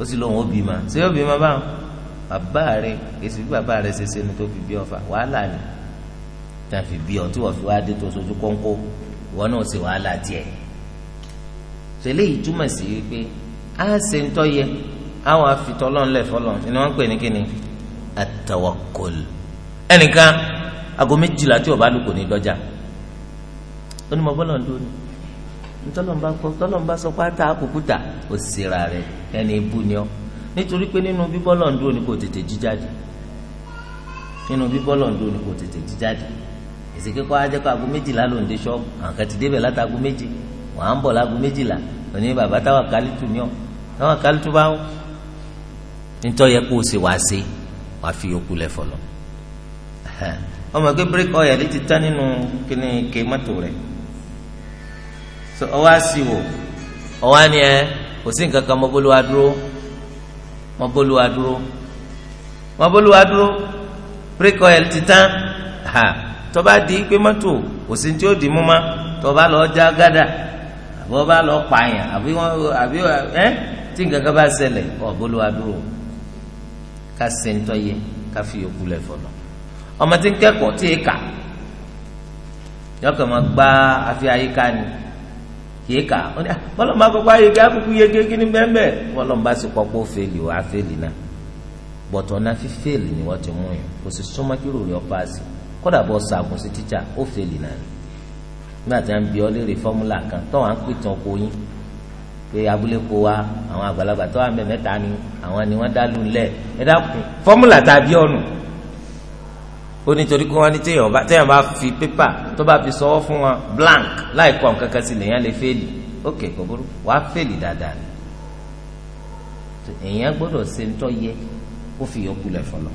ó sì lóun ó bímọ ṣé ó bímọ báwọn bàbá rẹ èsì bí bàbá rẹ ṣe ṣe ni tó fi bí ọfà wàhálà ni tá a fi bí ọ tí wọ́n fi wá dé tó sojú kónkó ìwọ náà ṣe wàhálà tiẹ̀ tẹ́lẹ̀ yìí túmọ̀ sí pé á ṣe ń tọ́ yẹ àwọn afitọ́lọ́nlẹ̀ fọlọ́n ni wọ́n ń pè ní kíni at-tawakkul ẹnìkan aago méjìlá tí o bá lù kò ní dọ́jà ó ní mo bọ́lọ̀ ń dúró ni tọ́lọ́mbà kọ́ tọ́lọ́mbà sọ pé ata àkùkùtà ò síra rẹ̀ ẹni ibú ni ọ́ nítorí pé nínú bíbọ́lọ̀ ń dúró ni kò tètè jí jáde nínú bíbọ́lọ̀ ń dúró ni kò tètè jí jáde èsìké kọ́ ajẹ́ kó aago méjìlá ló ń dé ṣọ́ọ̀bù àwọn kan ti débẹ̀ láti aago méjì wọ́n á ń bọ̀ láago méjìlá òní bàbá táwa kálítù ni ọ́ táwa kálítù bá ń nítorí yẹ kó o ṣe wàá ṣe wàá fi yòókù lẹ̀ fọlọ́ ọmọ ẹgbẹ́ bíríkì ọ̀yà ti tán nínú kíní ké rẹ̀ so ọwọ́ àsìwò ọwọ́ àni ẹ kò sí nǹkan kan mọ́bólúwa dúró mọ́bólúwa dúró mọ́bólúwa dúró pre-coil ti tán ha tó bá di pé mọ́tò kò sí tí ó di mú ma tó bá lọ já gádà àbí wọ́n bá lọ pààyàn àbí wọ́n àbí ẹ́ tí nǹkan kan bá ṣẹlẹ̀ ọ̀bólúwa dúró ká ṣe ń tọ́ ká fi yòókù lẹ̀ fọ̀nà ọmọ tí ń kẹ́kọ̀ọ́ tí èèkà yọkàn máa gbá afi àyíká ni kìí kà ó ní bọ́lọ̀ ah, máa kọ́kọ́ ayé kí akókó yege kí ni bẹ́ẹ̀ bẹ́ẹ̀ bọ́lọ̀ bá sì kọ́kọ́ fèlì wá fèlì náà bọ̀tọ̀ náà fi fèlì ni wọ́n ti mú yàn kò sì súnmọ́ kí ròrí ọ̀pá sí kódà bọ́ sàgùn sí tíjà ó fèlì náà ni nígbà tí a ń bi ọ́ léèrè fọ́múlà kan tó wà ń pìtàn oko yín pé abúlé ko wa àwọn àgbàlagbà tó wà mẹ́ta ni àwọn ni wọ́n dá lulẹ̀ ẹ dákun fọ́múlà tàbí ọ̀nù ó nítorí pé wọ́n ní téèyàn bá téèyàn bá fi pépà tó bá fi sọwọ́ fún wọn blank láì kọ́ nǹkan kan sí lèèyàn lè fẹ́ẹ̀lì ok kò burú wàá fẹ́ẹ̀lì dáadáa ni èèyàn gbọ́dọ̀ ṣe ń tọ́ yẹ kó fi yọkù lẹ̀ fọlọ́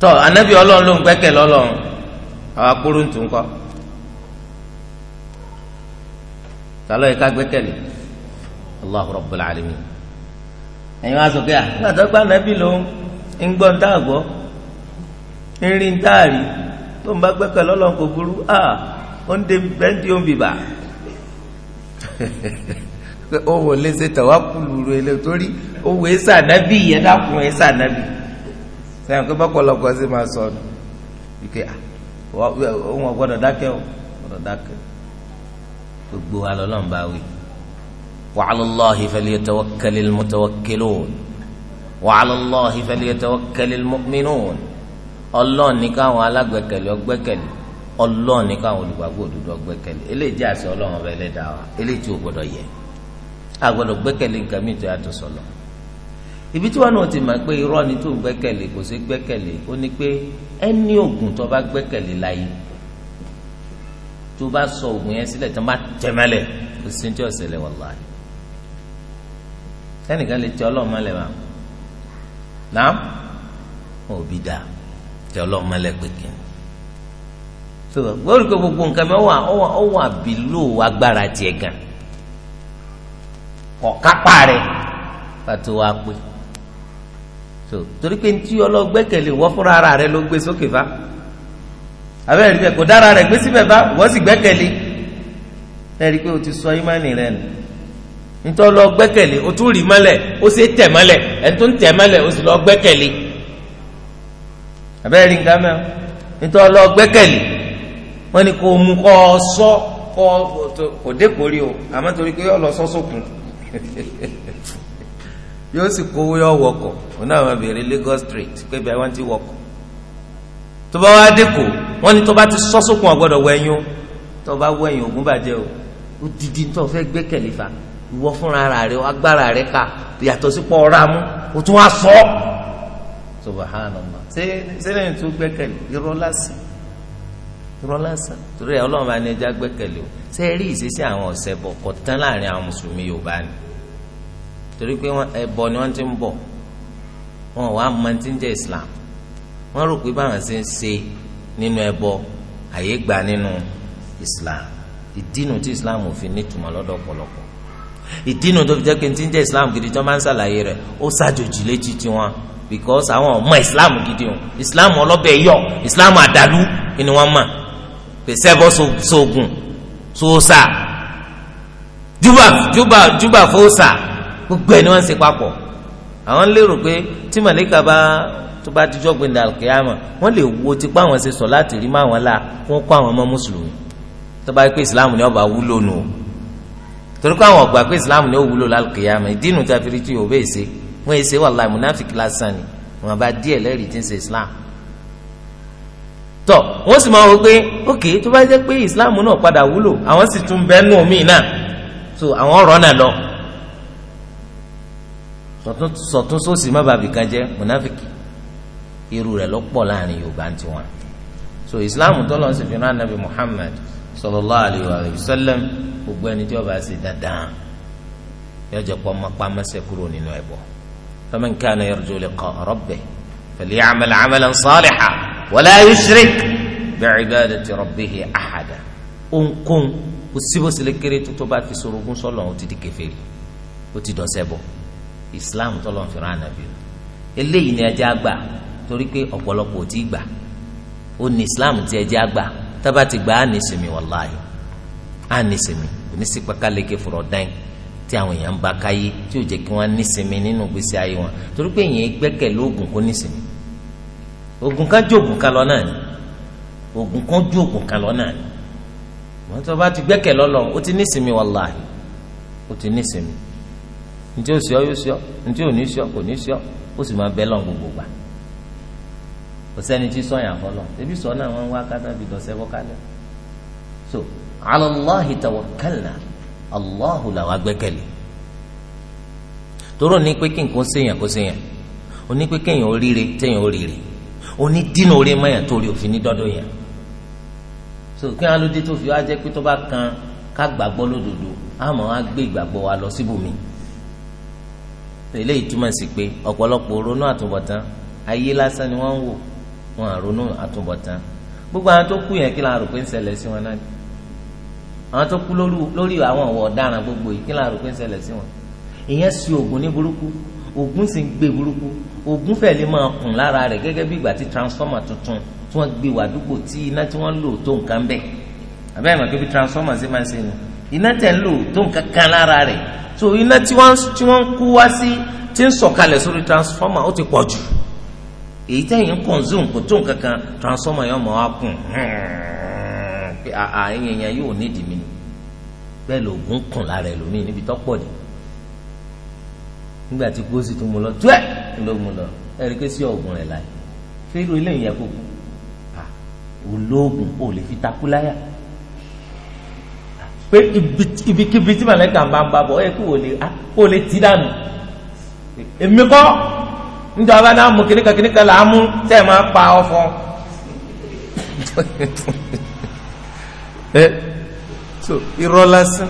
tọ́ anábì ọlọ́run ló ń gbẹ́kẹ̀ lọ́lọ́run àwọn akóró ń tún kọ́ tàlọ́ yìí ká gbẹ́kẹ̀lé Allahu Rabbul Alamin ẹ̀yin wá sọ pé à ah, nígbà tó gbá anábì ń gbọ́ ń tá àgbọ́ ń rí ń tá àrí tó ń bá gbẹ́kẹ̀ lọ́lọ́run kò burú à ń de bẹ́ńtì ó ń bìbà ohun lè ṣe tàwákùlù rẹ̀ lè torí ohun èsà nábì yẹn dákun èsà nábì sẹ́yìn pé bọ́kọ̀lọ́kọ̀ sí máa sọ ọ́nù ike ohun ọ̀gbọ́dọ̀ dákẹ́ o ọ̀gbọ́dọ̀ dákẹ́ gbogbo alọ́lọ́run bá wí wa 'ala Allahi falyatawakkalil mutawakkiloon wa 'ala Allahi falyatawakkalil mu'minun ọlọ́ọ̀ ní káwọn alágbẹ̀kẹ̀lé ọgbẹ́kẹ̀lé ọlọ́ọ̀ ní káwọn olùgbàgbọ́ òdodo ọgbẹ́kẹ̀lé eléyìí jẹ́ àṣẹ ọlọ́run ọba ẹlẹ́dàá wa eléyìí tí o gbọ́dọ̀ yẹ a gbọ́dọ̀ gbẹ́kẹ̀lé nǹkan mìíràn tó yàtọ̀ sọ̀lọ́ ibi tí wọn náà ti mọ̀ pé irọ́ ni tó ń gbẹ́kẹ̀lé kò sí gbẹ́kẹ̀lé ó ní pé ẹni oògùn tó bá gbẹ́kẹ̀lé láyé tó bá sọ oògùn yẹn sílẹ̀ tó bá tẹ̀mẹ́lẹ̀ kò sí ní tí ọ̀sẹ̀ lẹ̀ wọ́n ẹnìkan lè tẹ ọlọ́ọ̀mọ́lẹ̀ naam wọn ò tẹ so gbọ́dọ̀ pé gbogbo nǹkan mi ọwọ́ ọwọ́ ọwọ́ àbílò agbára tiẹ̀ gan ọ̀kápá rẹ̀ pàtó wa pé so torí pé ntí ọlọ́gbẹ́kẹ̀lé wọ́n fúnra ara rẹ̀ ló gbé sókè fa abẹ́rẹ́ rí kò dára gbé síbẹ̀ bá wọ́n sì gbẹ́kẹ̀lé ẹ̀rí o ti sọ ìmánì rẹ. nù. ntọ́ lọ gbẹ́kẹ̀lé o tún rí mọ́lẹ̀ o ṣe tẹ̀ mọ́lẹ̀ ẹni tó ń tẹ̀ mọ́lẹ̀ o sì lọ gbẹ́kẹ̀lé abẹ́rẹ́ rí nǹkan mẹ́wọ́ ntọ́ lọ gbẹ́kẹ̀lé wọ́n ní kò mú kọ́ ọ kọ́ kò dé kórí o àmọ́ torí pé yọ lọ sọ sókun yóò sì kówó yọ wọkọ̀ òun náà máa béèrè Lagos street pé bẹ́ẹ̀ wọ́n ti wọkọ̀ tó bá wá dẹ́kọ̀ wọ́n ní tó bá ti sọ sókun ọ̀gbọ́dọ̀ wẹ̀yìn o tó bá wẹ̀yìn ògún bàjẹ́ o ó didi fẹ́ gbẹ́kẹ̀lé fa. ìwọ fúnra rẹ agbára rẹ ká yàtọ̀ sí pọ̀ ọ̀rá o tún wá sọ ọ́ subhanallah gbẹ́kẹ̀lé irọ́ lásán irọ́ torí ẹ̀ ọlọ́run bá ní ẹja gbẹ́kẹ̀lé o ṣé ẹ rí àwọn ọ̀sẹ̀ bọ̀ láàrin àwọn mùsùlùmí yorùbá ni torí pé ni wọ́n ti bọ̀ wọn ti ń jẹ́ islam wọ́n rò pé báwọn nínú ẹbọ àyè ìdínú tó fi jẹ́ pé ní ti ń jẹ́ islam gidi tó máa ń ṣàlàyé rẹ̀ ó ṣàjòjì létí tiwọn because àwọn ọmọ islam gidi o islam ọlọ́bẹ̀ yọ islam àdàlú ni wọ́n mọ̀ pèsè bọ́ sóògùn sóòsà júbà júbà júbà fóòsà gbogbo ẹ̀ ni wọ́n ń ṣe papọ̀ àwọn lérò pé tí màlíkà bá tó bá dijọ́ gbẹ̀ndà àlùkìyàmọ̀ wọ́n lè wo ti pa àwọn ṣe sọ láti rí mọ́ àwọn la wọ́n kó àwọn ọmọ mùsùlùmí tó bá yẹ pé islam ni ọba wúlò nù o torí pé àwọn ọgbà pé islam ní ó wúlò lálùkìyàmẹ ìdínú tá a fi rí tí òbẹ èsè wọn èsè wàlláhì munafik lásán ni wọn bá díẹ̀ lẹ́rìí tí ń ṣe islam tọ wọn sì máa wọ pé ok tó bá jẹ́ pé islam náà padà wúlò àwọn sì tún bẹnu omi náà so àwọn ọ̀rọ̀ náà lọ sọtún sósì má bàbí kan jẹ́ munafik irú rẹ̀ lọ́pọ̀ láàrin yorùbá tiwọn so islam tó lọ sí fi rán anabi muhammad sallallahu alaihi wasallam gbogbo ẹni tí ó bá ṣe dandan yóò jẹ pọ mọpamọsẹ kúrò nínú ẹbọ faman kana yarju liqa'a rabbih falya'mal 'amalan salihan wala yushrik bi'ibadati rabbih ahada ohunkóhun kò síbòsílẹ kéré tó tó bá fi sorogún sọlọ ó ti di kèfèrí ó ti dọ̀sẹ̀ bọ̀ islam tọ́lọ̀ ń fi eléyìí ni ẹjẹ́ àgbà torí pé ọ̀pọ̀lọpọ̀ ò tí gbà ó ní islam tí ẹjẹ́ àgbà tábà ti gbà á ní sinmi wàláhì á ní sinmi kò ní sí pákáleke fúrọ̀ dán tí àwọn èèyàn ń ba káyé tí ò jẹ́ kí wọ́n ní sinmi nínú gbèsè ayé wọn torí pé èèyàn gbẹ́kẹ̀lé oògùn kó ní sinmi oògùn kan jó oògùn kan lọ náà ni oògùn kan jó oògùn kan lọ náà ni wọ́n tó bá ti gbẹ́kẹ̀ lọ́lọ́ ó ti ní sinmi wàláhì ti ní ntí ó sọ yóò sọ ntí ò ní sọ kò ní sọ ó sì máa bẹ́ lọ́n gbogbo gbà kò sẹ́ni tí sọ̀yàn fọlọ́ ebi sọ náà wọ́n ń wá kátà fi dọ̀sẹ́ kọ́ kálẹ̀ so ala Allahi tawakkalna Allahu làwọn agbẹ́kẹ̀lé tóró ní pé kí nǹkan séèyàn kó séèyàn oní pé kéèyàn ó ríire téèyàn ó ríire oní dínà orí mọ́yàn torí òfin ní dọ́dọ̀ yẹn so kí wọn lóde tó fi wá jẹ́ pé tó bá kan ká gbàgbọ́ lódodo àmọ́ wọn á gbé ìgbàgbọ́ wa lọ síbòmí eléyìí túmọ̀ sí pé ọ̀pọ̀lọpọ̀ ronú àtúbọ̀tán ayé lásán ni wọ́n ń wò wọn àrònú àtúbọ̀tán gbogbo àwọn tó kú yẹn kí la rò pé ń ṣẹlẹ̀ sí wọn náà àwọn tó kú lórí àwọn ọ̀wọ́ ọ̀daràn gbogbo yìí kí la rò pé ń ṣẹlẹ̀ sí wọn ìyẹn sí oògùn ní burúkú oògùn sì ń gbé burúkú oògùn fẹ̀ lè máa kùn lára rẹ̀ gẹ́gẹ́ bí ìgbà tí transformer tuntun tí wọ́n gbé wà dúpọ̀ tí iná tí wọ́n lò tó nǹkan bẹ́ẹ̀ àbẹ́rẹ́ mọ̀ kébi transformer sí máa ń ṣe ni iná tẹ̀ ń lò tó nǹkan kan lára rẹ̀ so iná tí wọ́n kú wá sí ti ń sọ̀kalẹ̀ sórí transformer ó ti pọ̀ jù èyí tẹ̀yìn consume kò tó nǹkan kan transformer yẹn mọ̀ á kùn pé àà ẹ̀yìn yẹn yóò nídìí mi ni bẹ́ẹ̀ lòògùn kùn lára ẹlòmíì níbi tọ́pọ̀ dì nígbà tí gbósì tó mu lọ tuẹ́ ló mu lọ ẹ̀rí ké sí ọ̀gùn rẹ̀ láyé fẹ́rù eléyìí yẹ kókó olóògùn ò lè fi takú láyà pé ibikíbi tí màlẹ́kà ń bá ń bá bọ̀ ẹ̀ kó o lè tì dànù èmi kọ́ njẹ ọba náà mú kìnnìkan kìnnìkan là á mú tẹ ẹ máa pa ọfọ ẹ eh, so irọ́ lásán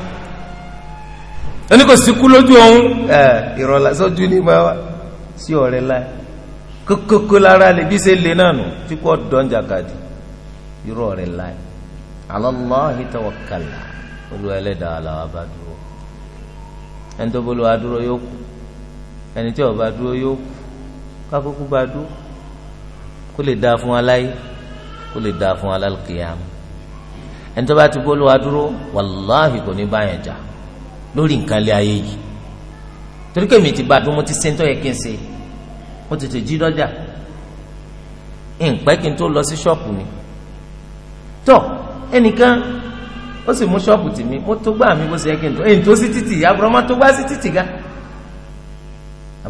ẹni kò sí kú lójú ọ̀hún ẹ eh, irọ́ lásán ojú ni máa wá sí ọ̀rẹ́ láì kókókó lára lè bí ṣe lè nánu tí kò dán jàkadì irọ́ rẹ̀ láì alọ́láhi tẹ̀wọ̀ kàlà olúwa ẹlẹ́dàá aláwa bá dúró ẹni tó bolo wa dúró yóò kú ẹni tí ó dúró yóò kú kákókó bá dú kó lè dáa fún aláyé kó lè dáa fún alálùkìyàmù ẹni tó bá ti bọ́ lówà dúró wàláhì kò ní báyẹn jà lórí nǹkan lé ayé yìí torí kèmí ti bá a dún mo ti ṣe ń tọ́ yẹ kí n ṣe mo tètè jí dọ́jà nǹpẹ́ kí n tó lọ sí ṣọ́ọ̀pù mi tọ́ ẹnìkan ó sì mú ṣọ́ọ̀pù tì mí mo tó gbà mí bó ṣe yẹ kí n tó èyí tó sí títì àbúrò má tó gbà sí títì gan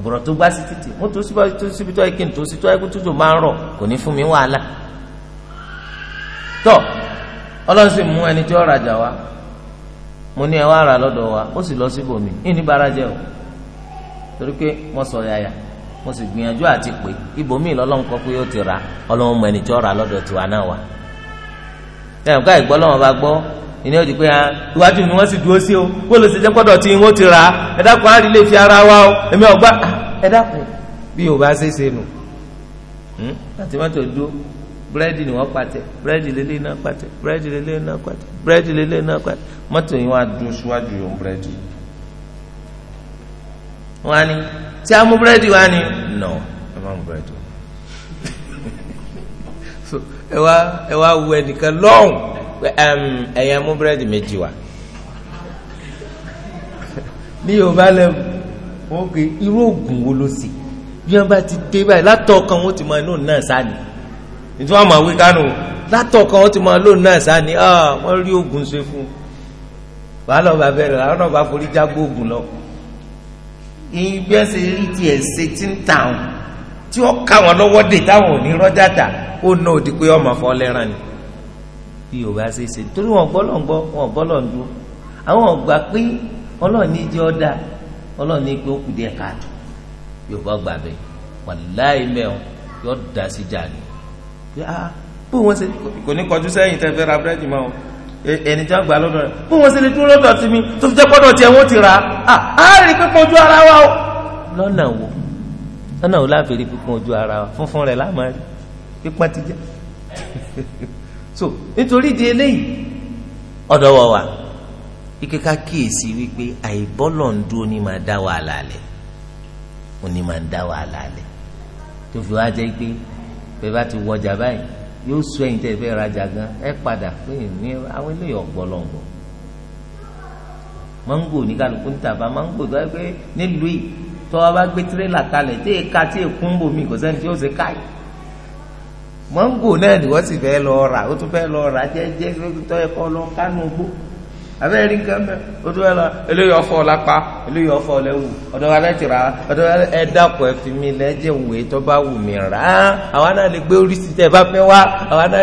àbùrọ̀ tó gbá sí títì mo tó síbi tó yẹ kí n tó tó máa ń rọ̀ fún mi wàhálà tọ́ ọlọ́run sì mú ẹni tí ó rajà wá mo ní lọ́dọ̀ wa ó sì lọ síbòmí o torí pé mo sọ yàyà mo sì gbìyànjú àti pé ibòmí lọ́lọ́run kọ́ pé ó ti ọlọ́run ẹni tí ó ra lọ́dọ̀ tiwa náà wá ẹ̀ ká ìgbọ́ ìní ọ̀dì pé iwájú ni wọ́n sì dúró sí o bó ló ṣe jẹ́ pọ́dọ̀ tí wọ́n ti ra ẹ dákun á rí lè fi ara wa o èmi ọ̀gbá ẹ dákun bí yorùbá ṣe ṣe nù láti hmm? mọ́tò dúró búrẹ́dì ni wọ́n pàtẹ búrẹ́dì lélẹ́ iná pàtẹ búrẹ́dì lélẹ́ iná pàtẹ búrẹ́dì lélẹ́ iná pàtẹ mọ́tò yìí wọ́n á dúró síwájú yòó búrẹ́dì wọ́n á ní tí a mú búrẹ́dì wá ní nọ ẹ má mú búrẹ́dì ẹ wá ẹ wá wù ẹnìkan lọ́hùn ẹ̀yẹ mú búrẹ́dì méjì wá ní yorùbá lẹ́mu wọ́n pe irú oògùn wo ló sì bí wọ́n bá ti dé báyìí látọ̀ kan wọ́n ti mọ inú náà sáni nítorí ah, àwọn àwé kánò látọ̀ kan wọ́n ti mọ lóun náà sáni wọ́n rí oògùn ṣe fún un wàá lọ́ọ́ bá bẹ̀rẹ̀ làwọn náà bá forí jágbó oògùn lọ ibi ẹsẹ rí tiẹ̀ ṣe ti ń tà wọn tí wọ́n ká wọn lọ́wọ́ dè táwọn ò ní rọ́jà tà ó ná òdì pé ọmọ fọ́ lẹ́ràn ni bí yorùbá ṣe ṣe torí wọn gbọ́lọ̀ ń gbọ́ wọn gbọ́lọ̀ ń dúró àwọn ọgbà pé ọlọ́run ní jẹ́ ọ́dà ọlọ́run ní pé ó kù díẹ̀ káàtó yorùbá gbà bẹ́ẹ̀ wàláì mẹ́wọ̀n yóò dà sí jà ní. pé ah bó wọn ṣe kò ní kọjú sẹ́yìn tẹ́ fẹ́ ra búrẹ́dì mọ́ o e- ẹni tí wọn gbà lọ́dọ̀ rẹ̀ bó wọn ṣe lè dúró lọ́dọ̀ sí mi tó fi jẹ́ pọ́dọ̀ tiẹ̀ wọ́n ti rà á á ah, rí pípọ́n ojú ara wa o. lọ́nà wo lọ́nà wo láfi pípọ́n ojú ara wa funfun rẹ̀ láàmú rí pípọ́n ti jẹ́. so nítorí di eléyìí ọ̀dọ̀ wọ̀ wá ike ká kíyèsí wípé àìbọ́lọ̀ ń dúró ní máa dá wàhálà lẹ̀ ó ní máa ń dá wàhálà lẹ̀ tó fi wá jẹ́ pé bẹ́ẹ̀ bá ti wọjà báyìí yóò sọ ẹ̀yin tẹ́ ẹ fẹ́ rajà gan ẹ padà pé ní àwọn eléyìí ọ̀gbọ́lọ̀ǹgbọ̀ mango ní kálukú ń tàbá mango tó wá pé nílùú yìí tó bá gbé tirẹ́là kalẹ̀ tí èka tí èkúńbò mi kò sẹ́ni tí ó ṣe káyìí mọ́ngò náà ni wọ́n sì fẹ́ lọ rà ó tún fẹ́ lọ rà jẹ́jẹ́ tó yẹ kọ́ lọ kánú gbó abẹ́rẹ́ nǹkan bẹ́ẹ̀ ó tún fẹ́ lọ eléyìí ọ̀fọ́ lápá eléyìí ọ̀fọ́ lẹ́wù mi lẹ́jẹ̀ wù tó bá wù mí rà á àwa náà lè gbé oríṣi tẹ bá fẹ́ wá náà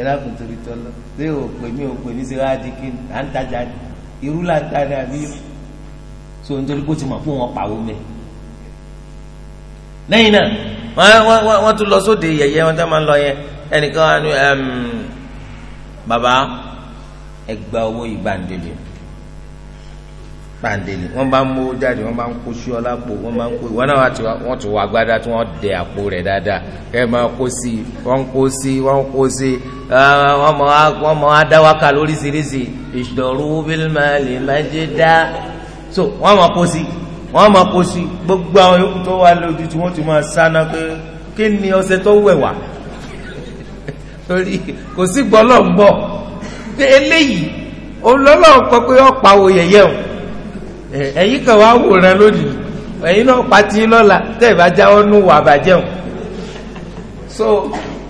ẹ dákun torí tọ́lọ́ ṣé o pè mí o pè mí ṣe wá di kí à ń tajà ní irú là ń ta ní àbí so nítorí kó ti mọ̀ fún wọn pàwọ́ mẹ́. lẹ́yìn náà wọ́n wọ́n tún lọ sóde yẹ̀yẹ́ wọn tá máa ń lọ yẹn ẹnìkan wà ní bàbá ẹgbàá owó ìbàǹdẹ̀dẹ̀ pàǹdé ni wọ́n bá ń mú jáde wọ́n bá ń kó sí ọlá pò wọ́n bá ń kó ìwọ náà wà tí wọ́n tún wọ agbádá tí wọ́n dẹ àpò rẹ̀ dáadáa ẹ máa kó sí i wọ́n kó sí i wọ́n kó sí i wọ́n mọ adáwáka lóríṣiríṣi ìṣòro bílmà lè dá so wọ́n mọ kó sí i wọ́n mọ kó sí i gbogbo àwọn yòókù tó wà lójú tí wọ́n ti máa sáná pé kí ni ọṣẹ tó wẹ̀ wá torí kò sí gbọ́lọ́ gbọ́ eléyìí olólùkọ́ pé ọ̀pá òyẹ̀yẹ̀ o eyi eh, kan wá wòran lónìí náà pati lọla tẹ́ ẹ̀ bá nù wà o so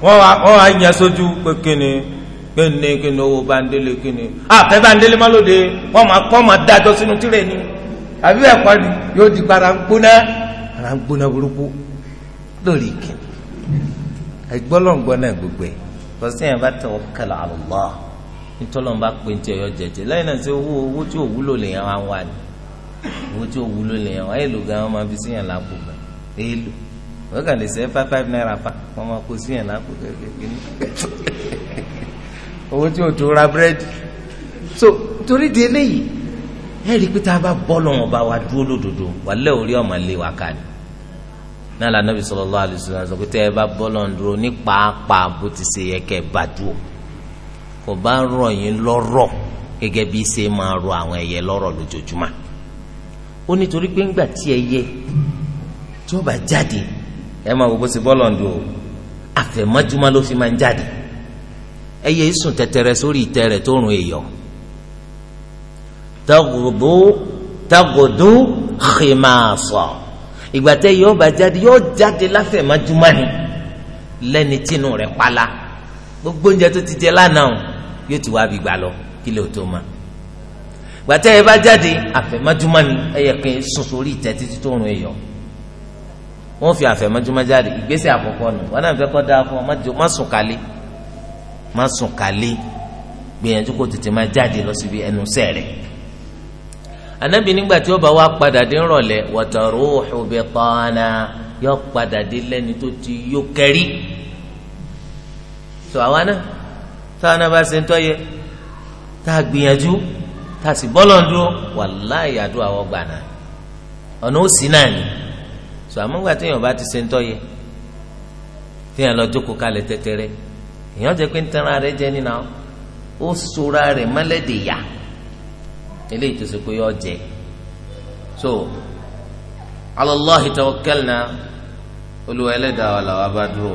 wọ́n wá wọ́n wá yan sójú pé kíni kíni kíni owó bandele kíni àfẹ́ ah, bandele má lóde wọn máa kọ́ máa dájọ́ sínú tirẹ̀ ni àbí bẹ́ẹ̀ kọ́ ni yóò di gbara gbóná gbóná burúkú lórí náà gbogbo ẹ̀ kò sí yẹn bá nítorí wọn bá owó tí ó wúlò lè yàn èèlò gan wọn máa fi síyàn lápò gan èèlò wọn kàn lè sẹ five five naira pa wọn máa kó síyàn lápò kékeré owó tí ó tó ra búrẹ́dì so torí di eléyìí ẹ rí i pé tá a bá bọ́ lọ́wọ́n bá wa dúró lódodo wàlẹ́ orí ọmọ lè wá ká ni náà la Nabi sallallahu alaihi wasallam sọ pé tẹ́ ẹ bá bọ́ lọ́wọ́n dúró ní pàápàá bó ti ṣe yẹ kẹ́ bá dúró kò bá rọ̀ yín lọ́rọ̀ gẹ́gẹ́ bí ṣe máa rọ̀ àwọn ẹyẹ lọ́rọ̀ lójoojúmọ́ ó nítorí pé ńgbà tí ẹyẹ tí ó bá jáde ẹ máa wò bó ṣe bọ́ọ̀lù ọ̀dùn o àfẹ̀mọ́júmọ́ ló fi máa ń jáde ẹyẹ sùn tẹ̀tẹ̀rẹ̀ sórí ìtẹ́ rẹ̀ tó rùn èèyàn tagdu tagdu khimasa ìgbà tẹ yóò bá jáde yóò jáde láfẹ̀mọ́júmọ́ ni lẹ́ni tínú rẹ̀ pala gbogbo oúnjẹ tó ti jẹ lánàá yóò ti wá bí gbà lọ kí lè tó máa gbàtẹ́ ẹ bá jáde àfẹ̀mọ́júmọ́ ni ẹ yẹ soso orí ìtẹ́ títí tó rùn èèyàn wọ́n fi àfẹ̀mọ́júmọ́ jáde ìgbésẹ̀ àkọ́kọ́ nù wọn náà fẹ́ kọ́ dáa fún ọ má sùn kálé má sùn kálé gbìyànjú kó tètè má jáde lọ síbi ẹnu sẹ́ rẹ̀ anabi nígbà tí ó bá wá padà dé ńrọ̀lẹ́ wọ́tọ̀rọ̀ òhùbẹ̀ pọ́nà yọ padà dé lẹ́ni tó ti yó kẹ́rí tó àwa náà táwọn náà tá bọlọ sì bọ́lọ̀ ń dúró wàláì àdúrà wọ́n gbà ó náà ni ti se ń tọ́yẹ téèyàn lọ jókòó kalẹ̀ tẹ́tẹ́rẹ́ èèyàn jẹ́ pé rẹ ó sora rẹ̀ mọ́lẹ́dẹ̀ yá eléyìí tó jẹ so ala Allahi tawakkalna olùwà ẹlẹ́dàá wà làwọn dúró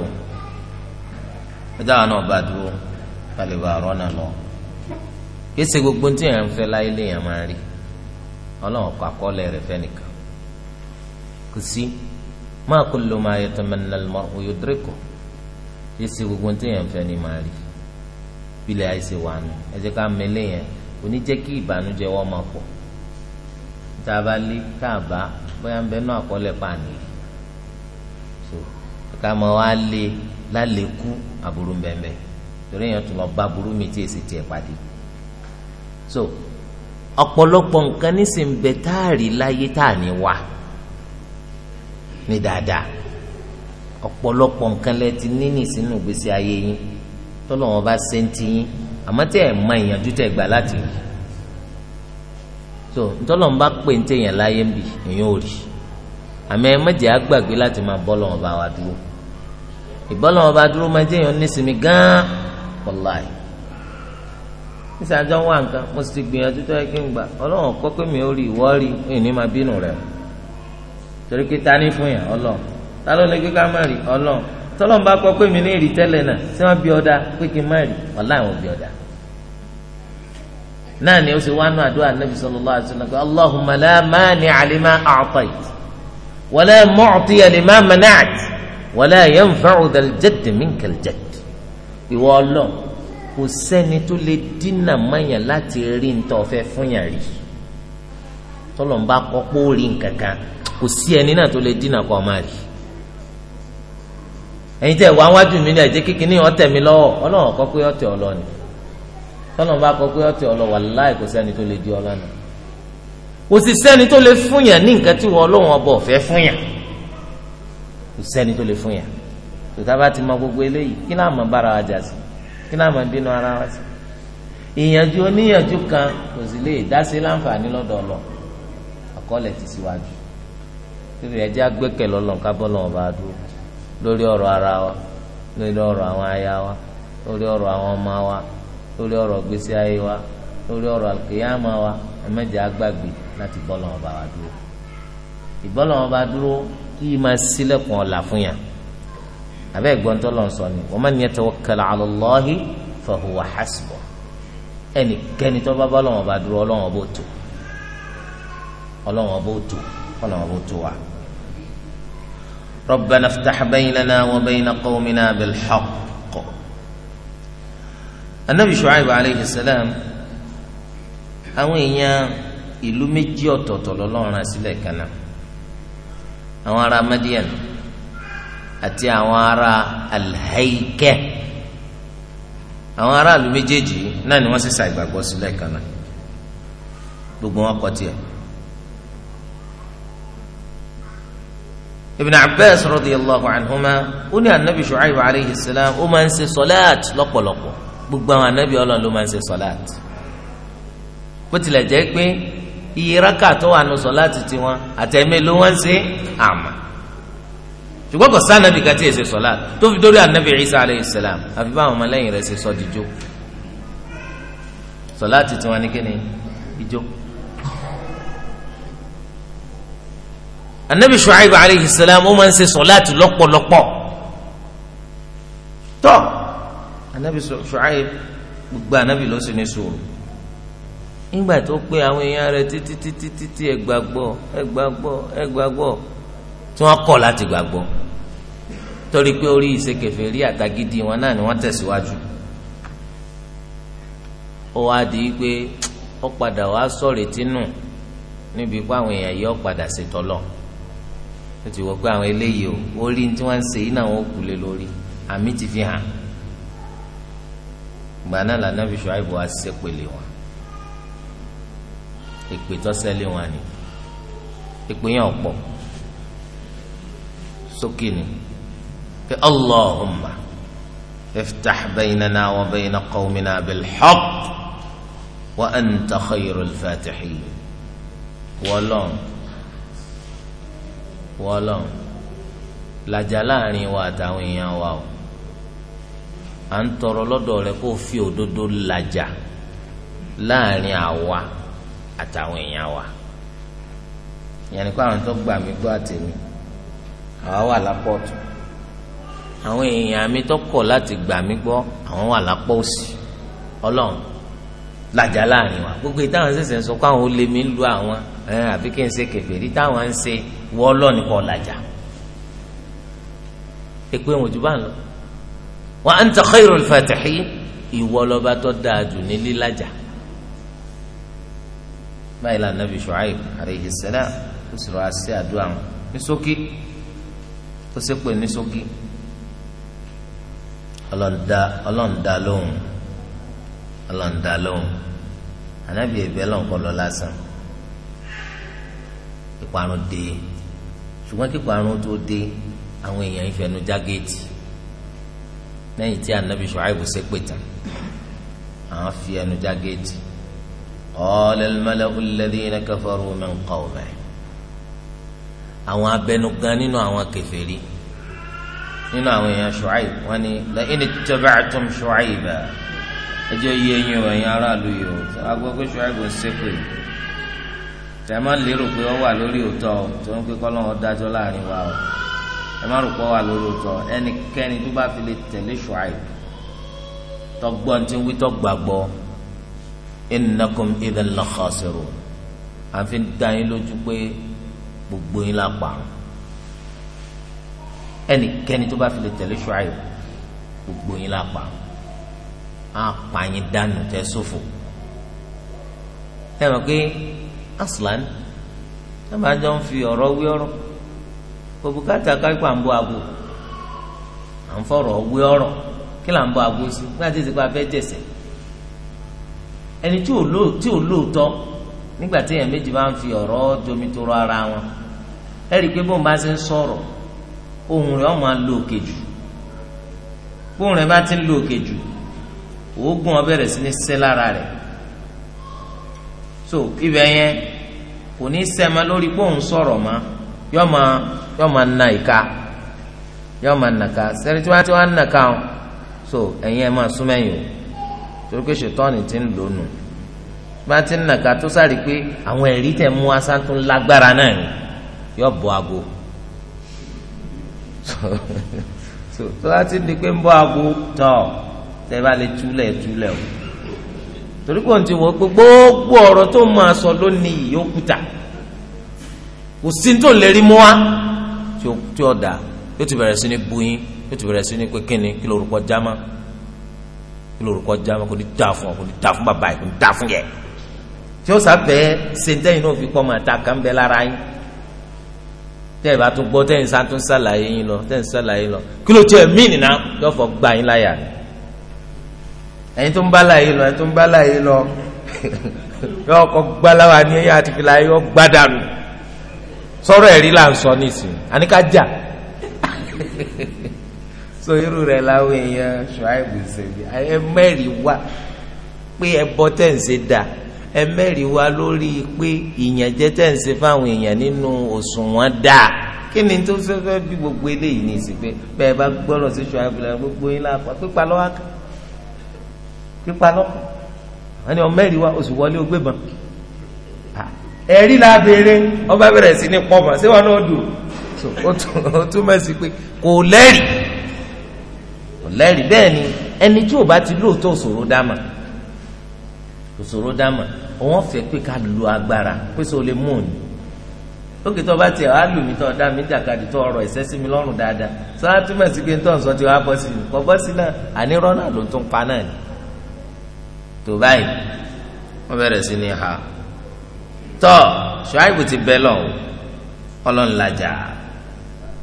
náà bá dúró rọ́nà lọ. kése gbogbo tí èèyàn fẹ́ láyé léèyàn máa rí ọlọ́run kọ àkọọ́lẹ̀ rẹ̀ fẹ́nìkan kò sí ma kullu ma yatamanna al-mar'u yudriku kése gbogbo tí èèyàn fẹ́ ni máa rí bílẹ̀ àìsè wà nù ẹ jẹ́ ká mẹ́lẹ̀ yẹn kò ní jẹ́ kí ìbànújẹ́ wọ́n máa pọ̀ tá a bá lé tá a bá bóyá ń bẹ náà àkọọ́lẹ̀ pààní so ká máa wá lé lálẹ́kú àbúrú bẹ́ẹ̀ bẹ́ẹ̀ torí èèyàn tún lọ bá burú mi tí èsì tiẹ̀ pàdé so ọ̀pọ̀lọpọ̀ nǹkan nísìnyí bẹ táàrí láyé táàní wa ní dáadáa ọ̀pọ̀lọpọ̀ nǹkan lẹ ti níní sínú ìgbésí ayé yín tọ́lọ́wọ́n bá ṣe ń ti yín àmọ́ tẹ́ ẹ̀ mọ ìyànjú tẹ́ gbà láti rí so ntọ́lọ́wọ́n bá pè ń tẹ̀yàn láyé ń bì èyàn ò rí àmọ́ ẹ mọ̀jẹ̀ á gbàgbé láti máa bọ́ lọ́wọ́n bá wa dúró ìbọ́lọ́wọ́n bá dúró máa jẹ́yàn nísìnyí gán wàláyé nísà àjọ wà nǹkan mo sì ti gbìyànjú tó yẹ kí n gbà ọlọ́run kọ́ pé mi ò rí ìwọ́ rí ìní máa bínú rẹ̀ torí pé ta ní fún yàn ọlọ́run ta ló lè gbé ká má rí ọlọ́run tọ́lọ́run bá kọ́ pé mi ní ìrì tẹ́lẹ̀ náà ṣé wọ́n bí ọ̀dà pé kí n má rí ọ̀la àwọn bí ọ̀dà náà ni ó sì wá nù àdúrà nàbì sallallahu alaihi wasallam allahumma la mani'a lima a'tayt wa la mu'tiya kò sẹ́ni tó lè dínà mọ́yàn láti rí nǹkan ọ̀fẹ́ fúnyàn rí tọ́lọ́n bá kọ́pọ́ rí nǹkan kan kò sí ẹni náà tó lè dínà kọ́ ọmọ rí ẹ̀yin tẹ̀ wá wájú mi ní ẹ̀jẹ̀ kékeré ọ̀tẹ̀ mi lọ́wọ́ ọlọ́run kọ́ pé ọ̀tẹ̀ ọlọ́ni tọ́lọ́n bá kọ́ pé ọ̀tẹ̀ ọlọ́ wàláì kò sẹ́ni tó lè di ọlọ́nà kò sì sẹ́ni tó lè fúnyàn ní nǹkan tí wọ́n ọlọ́run ọbọ̀ ọ̀fẹ́ fúnyàn kò sẹ́ni tó lè fúnyàn tòtá bá ti mọ gbogbo eléyìí kí náà mọ bára wa jà sí i kí náà máa bínú ara wa sí ìyànjú oníyànjú kan kò sì lè dásí láǹfààní lọ́dọ̀ ọlọ àkọọ́lẹ̀ ti síwájú níbi ẹjẹ́ agbẹ́kẹ̀ lọ́lọ́ kábọ́ lọ́wọ́ bá dúró lórí ọ̀rọ̀ ara wa lórí ọ̀rọ̀ àwọn aya wa lórí ọ̀rọ̀ àwọn ọmọ wa lórí ọ̀rọ̀ gbèsè ayé wa lórí ọ̀rọ̀ àlùkìyàmá wa ẹ̀mẹ́jẹ̀ agbàgbé láti bọ́ lọ́wọ́ bá wa dúró ìbọ́ bá dúró kí máa ṣílẹ̀kùn ọ̀la fún yàn abẹ́ ẹ̀gbọ́n tó lọ sọ ni wa man yatawakkal ala Allahi fa huwa hasbuh ẹnikẹ́ni tó bá bá ọlọ́wọ́n bá dúró ọlọ́wọ́n tó ọlọ́wọ́n bó tó ọlọ́wọ́n bó tó wa. ربنا افتح بيننا وبين قومنا بالحق النبي شعيب عليه السلام àwọn èèyàn ìlú méjì ọ̀tọ̀ọ̀tọ̀ lọ́lọ́run sílẹ̀ kan náà àwọn àti àwọn ará alhaikẹ àwọn aráàlú méjèèjì náà ni wọ́n sì sa ìgbàgbọ́ sílẹ̀ kan náà gbogbo wọn kọ tiẹ̀. Ibn Abbas radiyallahu anhuma ó ní anabi Shu'aib alayhi salam ó máa ń ṣe sọláàt lọ́pọ̀lọpọ̀ gbogbo àwọn anabi Ọlọ́run ló máa ń ṣe sọláàt bó tilẹ̀ jẹ́ pé iye rákà wà nù sọláàt tiwọn àtẹ̀mẹ́ ló wọ́n ń ṣe àmà ṣùgbọ́n kò sá anabi kàtí ẹ̀ ṣe sọ́lá tó fi dórí anabi isa aleyhi salam àfi báwọn ọmọlẹ́yìn rẹ̀ ṣe sọ́ dijó sọ́lá ti tiwọn ní kíni ijó. anabi shuaib aleyhi salam ó máa ń ṣe sọ́lá ti lọ́pọ̀lọpọ̀ tọ́ anabi shuaib gbogbo anabi ló sì ní sùúrù nígbà tó pé àwọn èèyàn rẹ̀ títí títí títí ẹ gbàgbọ́ tí wọ́n kọ̀ láti gbàgbọ́ torí pé orí ìsekèfé rí àtàgídí wọn náà ni wọ́n tẹ̀síwájú ó wá di pé ó padà wá sọ̀rètí nù níbi pé àwọn èèyàn yìí ó padà ṣètọ́lọ̀ ó ti wọ pé àwọn eléyìí o ó rí tí wọ́n ń ṣe yìí náà wọ́n kú lé lórí àmì ti fi hàn gbà náà lànà fi ṣùáìbù wá ṣépele wọn èpè tọ́sẹ́lé wọn ni èpè yẹn ọ̀pọ̀ sókè ni pé allahumma iftah baynana wa bayna qawmina bil haqq wa anta khayrul fatihin wọlọ́n wọlọ́n làjà láàrin wa àtàwọn èèyàn wa o à ń tọrọ lọ́dọ̀ rẹ kó fi òdodo làjà láàrin àwa àtàwọn èèyàn wa yẹnni kó àwọn tó gbà mí gbọ́ àtẹ̀mí àwa wà lápọ̀ ọ̀tún àwọn èèyàn mi tó kọ̀ láti gbà mí gbọ́ àwọn wà lápọ̀ òsì ọlọ́run làjà láàrin wa gbogbo ìtàwọn ṣẹ̀ṣẹ̀ ń sọ pé àwọn olè mi ń lu àwọn àfi kí n ṣe kèfèrí táwọn ń ṣe wọ ọlọ́ọ̀ni kọ́ làjà èpè wọn ò jù bá ń lọ wa anta khairul fatihin ìwọ lọba tó dáa jù ní lílàjà báyìí la Nabi Shu'aib alayhi salam ó sì rọ àṣẹ àdúrà wọn ní sókè tó ṣépè ní ṣókí ọlọ́ọ̀dá lóhùn ọlọ́ọ̀dá lóhùn ànábì ẹ̀bẹ̀ lọ́nkọ́ lọ lásán ìparun dé ṣùgbọ́n kí ìparun tó dé àwọn èèyàn ń fẹnu jágéètì lẹ́yìn tí ànábì ṣùáìbù ṣépè tán àwọn fi ẹnu jágéètì qala al-mala'u alladhina kafaru min àwọn abẹnugan nínú àwọn kèfèrí nínú àwọn èèyàn Shu'aib wọn ni lẹ́yìn ittaba'tum Shu'aiba ẹjọ́ yí ẹyin o ẹ̀yin aráàlú yìí o agbọ́gbé Shu'aib ń ṣépè tẹ má lérò pé wọ́n wà lórí òótọ́ o tó ń pé kọ́lọ́wọ́ dájọ́ láàrin wa o ẹ má rò pé wọ́n wà lórí òótọ́ ẹnikẹ́ni tó bá fi lè tẹ̀lé Shu'aib tọgbọ́n tí wí tọ́gbàgbọ́ innakum idhan la àfi dá yín lójú pé gbogbo yín la parun ẹnikẹ́ni tó bá fi lè tẹ̀lé ṣùáyò gbogbo yín la parun á pa dànù tẹ́ sófò ẹ mọ̀ pé aslan ẹ máa jọ ń fi ọrọ wí ọ̀rọ̀ bùbùkátà kápẹ́ à ń bọ à ń wí kí là ń bọ sí ẹni tí ò nígbà tí èèyàn méjì ń fi ẹ rí i pé bóun bá ṣe ń sọ̀rọ̀ ohùn rẹ̀ ọmọ lò òkè jù bóun rẹ̀ bá ti ń lò òkè jù oògùn ó bẹ̀rẹ̀ sí ní sẹ́ lára rẹ̀ so ibẹ̀ yẹn kò ní sẹ́mọ lórí bóun sọ̀rọ̀ mọ́ yọ ma yọ ma na ìka yọ ma nàka sẹ́ni tí wọ́n ti wá nàka o so ẹ̀yin ẹ̀ máa súnmẹ́yìn o torí pé ṣètọ́ni ti ń lò nù bá ti ń nàka tó sáré pé àwọn ẹ̀rí tẹ̀ mú asán lágbára náà ni yọ bọ aago tó láti di pé ń bọ aago tọ tẹ bá lè túlẹ̀ túlẹ̀ o torí kò ń ti wọ pé gbogbo ọ̀rọ̀ tó máa sọ lónìí yóò kúta kò sí tó lè rí mú wa tí ó dà yóò ti bẹ̀rẹ̀ sí ní buyin yóò ti bẹ̀rẹ̀ sí ní pé kíni kí lorúkọ jámá kí lorúkọ jámá kò ní dà fún ọ kò ní dà fún bàbá yìí kò ní dà fún yẹ tí ó sábẹ́ sentẹ́yìn náà fi kọ́ máa ta kàn bẹ́ lára yín tẹ́ ẹ bá tún gbọ́ tẹ́ ẹ sá tún sàlàyé yín lọ tẹ́ ẹ sàlàyé lọ kí ló tiẹ̀ mí nìyà yóò fọ gbà yín láyà ni ẹ̀yin tó ń bá láyé lọ ẹ̀yin tó ń bá láyé lọ yóò kọ́ gbaláwa ní ẹ̀yà àti fìlà yóò gbádànù sọ̀rọ̀ ẹ̀rí là ń sọ nísìnyí àníkàjà so irú rẹ̀ láwọn èèyàn ṣùgbọ́n àìbùsẹ̀ bí ẹ mẹ́rin wá pé ẹbọ tẹ̀ ń ṣe dáa ẹ mẹ́rìí wa lórí pé ìyànjẹ tẹ̀ ń ṣe fáwọn èèyàn nínú òṣùwọ̀n dà kí ni tó fẹ́ fẹ́ bí gbogbo eléyìí ní ìsìn pé bẹ́ẹ̀ bá gbọ́dọ̀ sí ṣọ àbúlà gbogbo yín lápá pípa lọ́wọ́ kan pípa lọ́kàn wọ́n ní ọmọ mẹ́rìí wa oṣù wọlé ogbébọn ẹ̀rí la béèrè ọba bẹ̀rẹ̀ sí ní pọ́nbọ̀n ṣé wọn náà dùn ó túmọ̀ sí pé kò lẹ́rìí kò lẹ́rìí bẹ́ẹ̀ ni ẹni tí ò bá ti lóòótọ́ òṣòro dá mà kò sòro dámà òun fẹ́ pé ká lu agbára pé sọ lè mú òní lókè tó bá tiẹ̀ wá lù mí tó dá mi jàkadì tó ọ̀rọ̀ ìṣẹ́ sí mi lọ́rùn dáadáa sọ wá túmọ̀ sí pé tó ń sọ ti wá bọ́ sí mi kọ́ náà ànírọ́ náà ló tún pa náà ni tó báyìí wọ́n bẹ̀rẹ̀ sí ni ha tọ́ ṣùáìbù ti bẹ́ lọ́wọ́ ọlọ́run lajà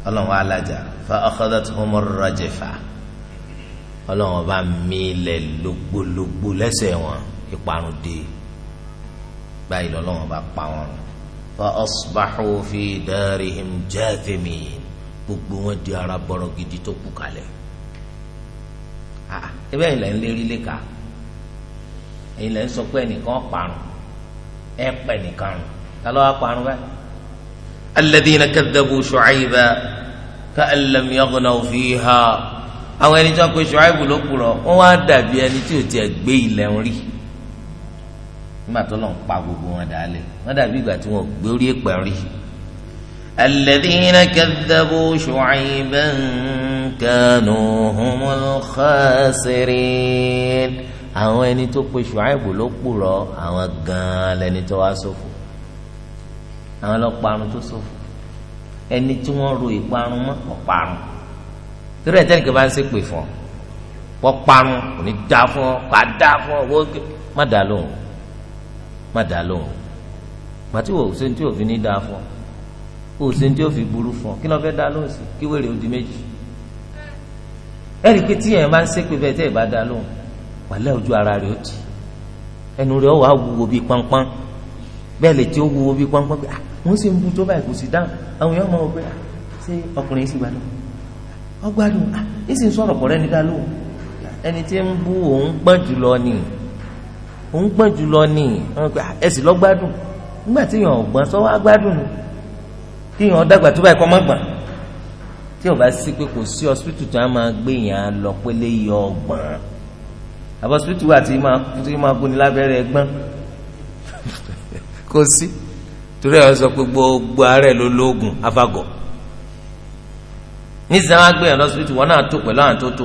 ọlọ́run wa lajà fa akhadathumur rajifa ọlọ́run ọba mi lẹ̀ lógbólógbó lẹ́sẹ̀ wọn ìparun dé báyìí lọ́lọ́wọ́n bá pa wọn rùn fa asbahu fi darihim jathimin gbogbo wọn di ara bọ̀rọ̀ gidi tó kú kalẹ̀ ah, ebe yìí lẹ́ ń lérí léka èyí lẹ́ ń sọ pé ẹnìkan parun ẹ pẹ̀ nìkan rùn ta ló wá parun bẹ́ẹ̀. alladhina kadhabu Shu'ayba ka'an lam yaghnaw fiha àwọn ẹni tí wọn pe Shu'aybu ló kúrò wọn wá dàbí ẹni tí ò nígbà tó lọ́n pa gbogbo wọn dà á lẹ̀ wọ́n dàbí ìgbà tí wọ́n gbé orí èpè rí. alladhina kadhabu shu'ayban kanu humul khasirin àwọn ẹni tó pe ṣùáìbù ló purọ́ àwọn gan-an lẹni tó wá ṣòfò àwọn lọ parun tó ṣòfò ẹni tí wọ́n ro ìparun mọ́ ọ̀parun torí ẹ̀ tẹ́lẹ̀ kí n bá ń ṣépè fún ọ wọ́n kò ní dá fún ọ kà fún ọ wọ́n má dá lóhùn má dá lóhùn pàtí wò ṣe tí òfin ní dáa fún ọ ò ṣe tí òfin burú fún ọ kí ló fẹ́ dá lóhùn sí kí wèrè odi méjì ẹ̀rí pé tí èèyàn bá ń ṣépè bẹ́ẹ̀ tẹ́ ẹ̀ bá dá lóhùn wàlẹ́ ojú ara rẹ̀ ó ti ẹnu rẹ̀ ó wàá wúwo bíi pánpán bẹ́ẹ̀ lè tí ó wúwo bíi pánpán pé ah wọ́n sì ń bu tó báyìí kò sì dáhùn àwọn èèyàn máa wọ pé ah ṣé ọkùnrin yìí sì gbádùn ọgbádùn ah yìí sì ń sọ̀rọ̀ pọ̀ rẹ́ni dá lóhùn ah, ẹni tí ń bú òun pẹ́ jùlọ ní ah, ẹsì lọ́gbádùn nígbà tí èèyàn ọ̀gbọ́n sọ wá gbádùn ni kí èèyàn dàgbà tó báyìí kọ́ tí ò bá sí pé kò sí ọsibítù tó a máa gbé yàn án lọ pé lè yọ ọgbọ̀n àbọ̀ ọsibítù wà tí máa lábẹ́rẹ́ kò sí torí sọ pé gbogbo ara ẹ̀ ló lóògùn afagọ̀ yàn wọn náà tó pẹ̀lú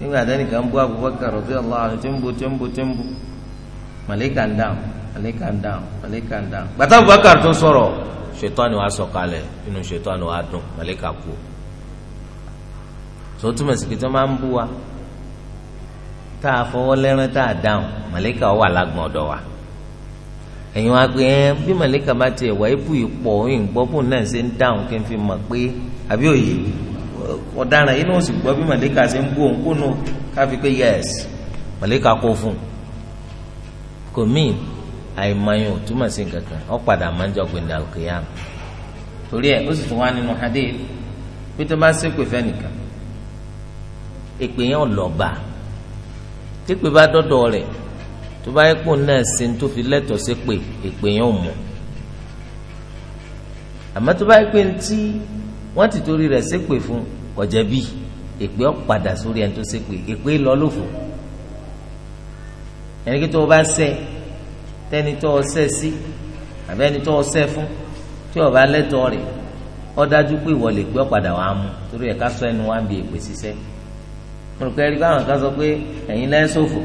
nígbà tẹ́nìkan ń bú Abubakar radiyallahu ala tí ń bu tí malika bu tí ń bu màlíkà ń dáhùn màlíkà ń dáhùn màlíkà ń dáhùn gbàtà Abubakar tó ń sọ̀rọ̀ ṣètánì wa sọ̀kalẹ̀ inú dùn kú tó wa tá a fọwọ́ lẹ́rán tá a dáhùn wà lágbọ̀n wa ẹ̀yin wa bí bá tiẹ̀ pọ̀ òyìnbó náà ṣe ń dáhùn kí n ọ̀daràn yìí náà sì gbọ́ bí màlẹ́kà ṣe ń bú òun kúnnù káfí pé yẹs màlẹ́kà kó fún un kò míì àìmọyàn ò túmọ̀ sí nǹkan kan padà máa ń jọ gbẹ̀ndà òkè yàrá torí ẹ̀ ó sì tún wá nínú pé tó bá ṣépè fẹ́nìkan èpè yẹn bá dọ́dọ̀ rẹ̀ tó bá wọ́n ti torí rẹ̀ ṣépè fún kọjá bíi èpè ọ̀padà sórí ẹni tó ṣépè èpè lọ lófo ẹni kí tó o bá ṣẹ tẹni tó o ṣẹ sí àbẹ ẹni tó o ṣẹ fún tí o bá lẹ́tọ̀ọ́ rẹ̀ ó dájú pé ìwọ lè gbé ọ̀padà wàá mu torí ẹ̀ ká sọ ẹnu wá ń bi èpè ṣiṣẹ́ mo rò pé ẹ̀rí báwọn kan sọ pé ẹ̀yin lẹ́ ṣòfò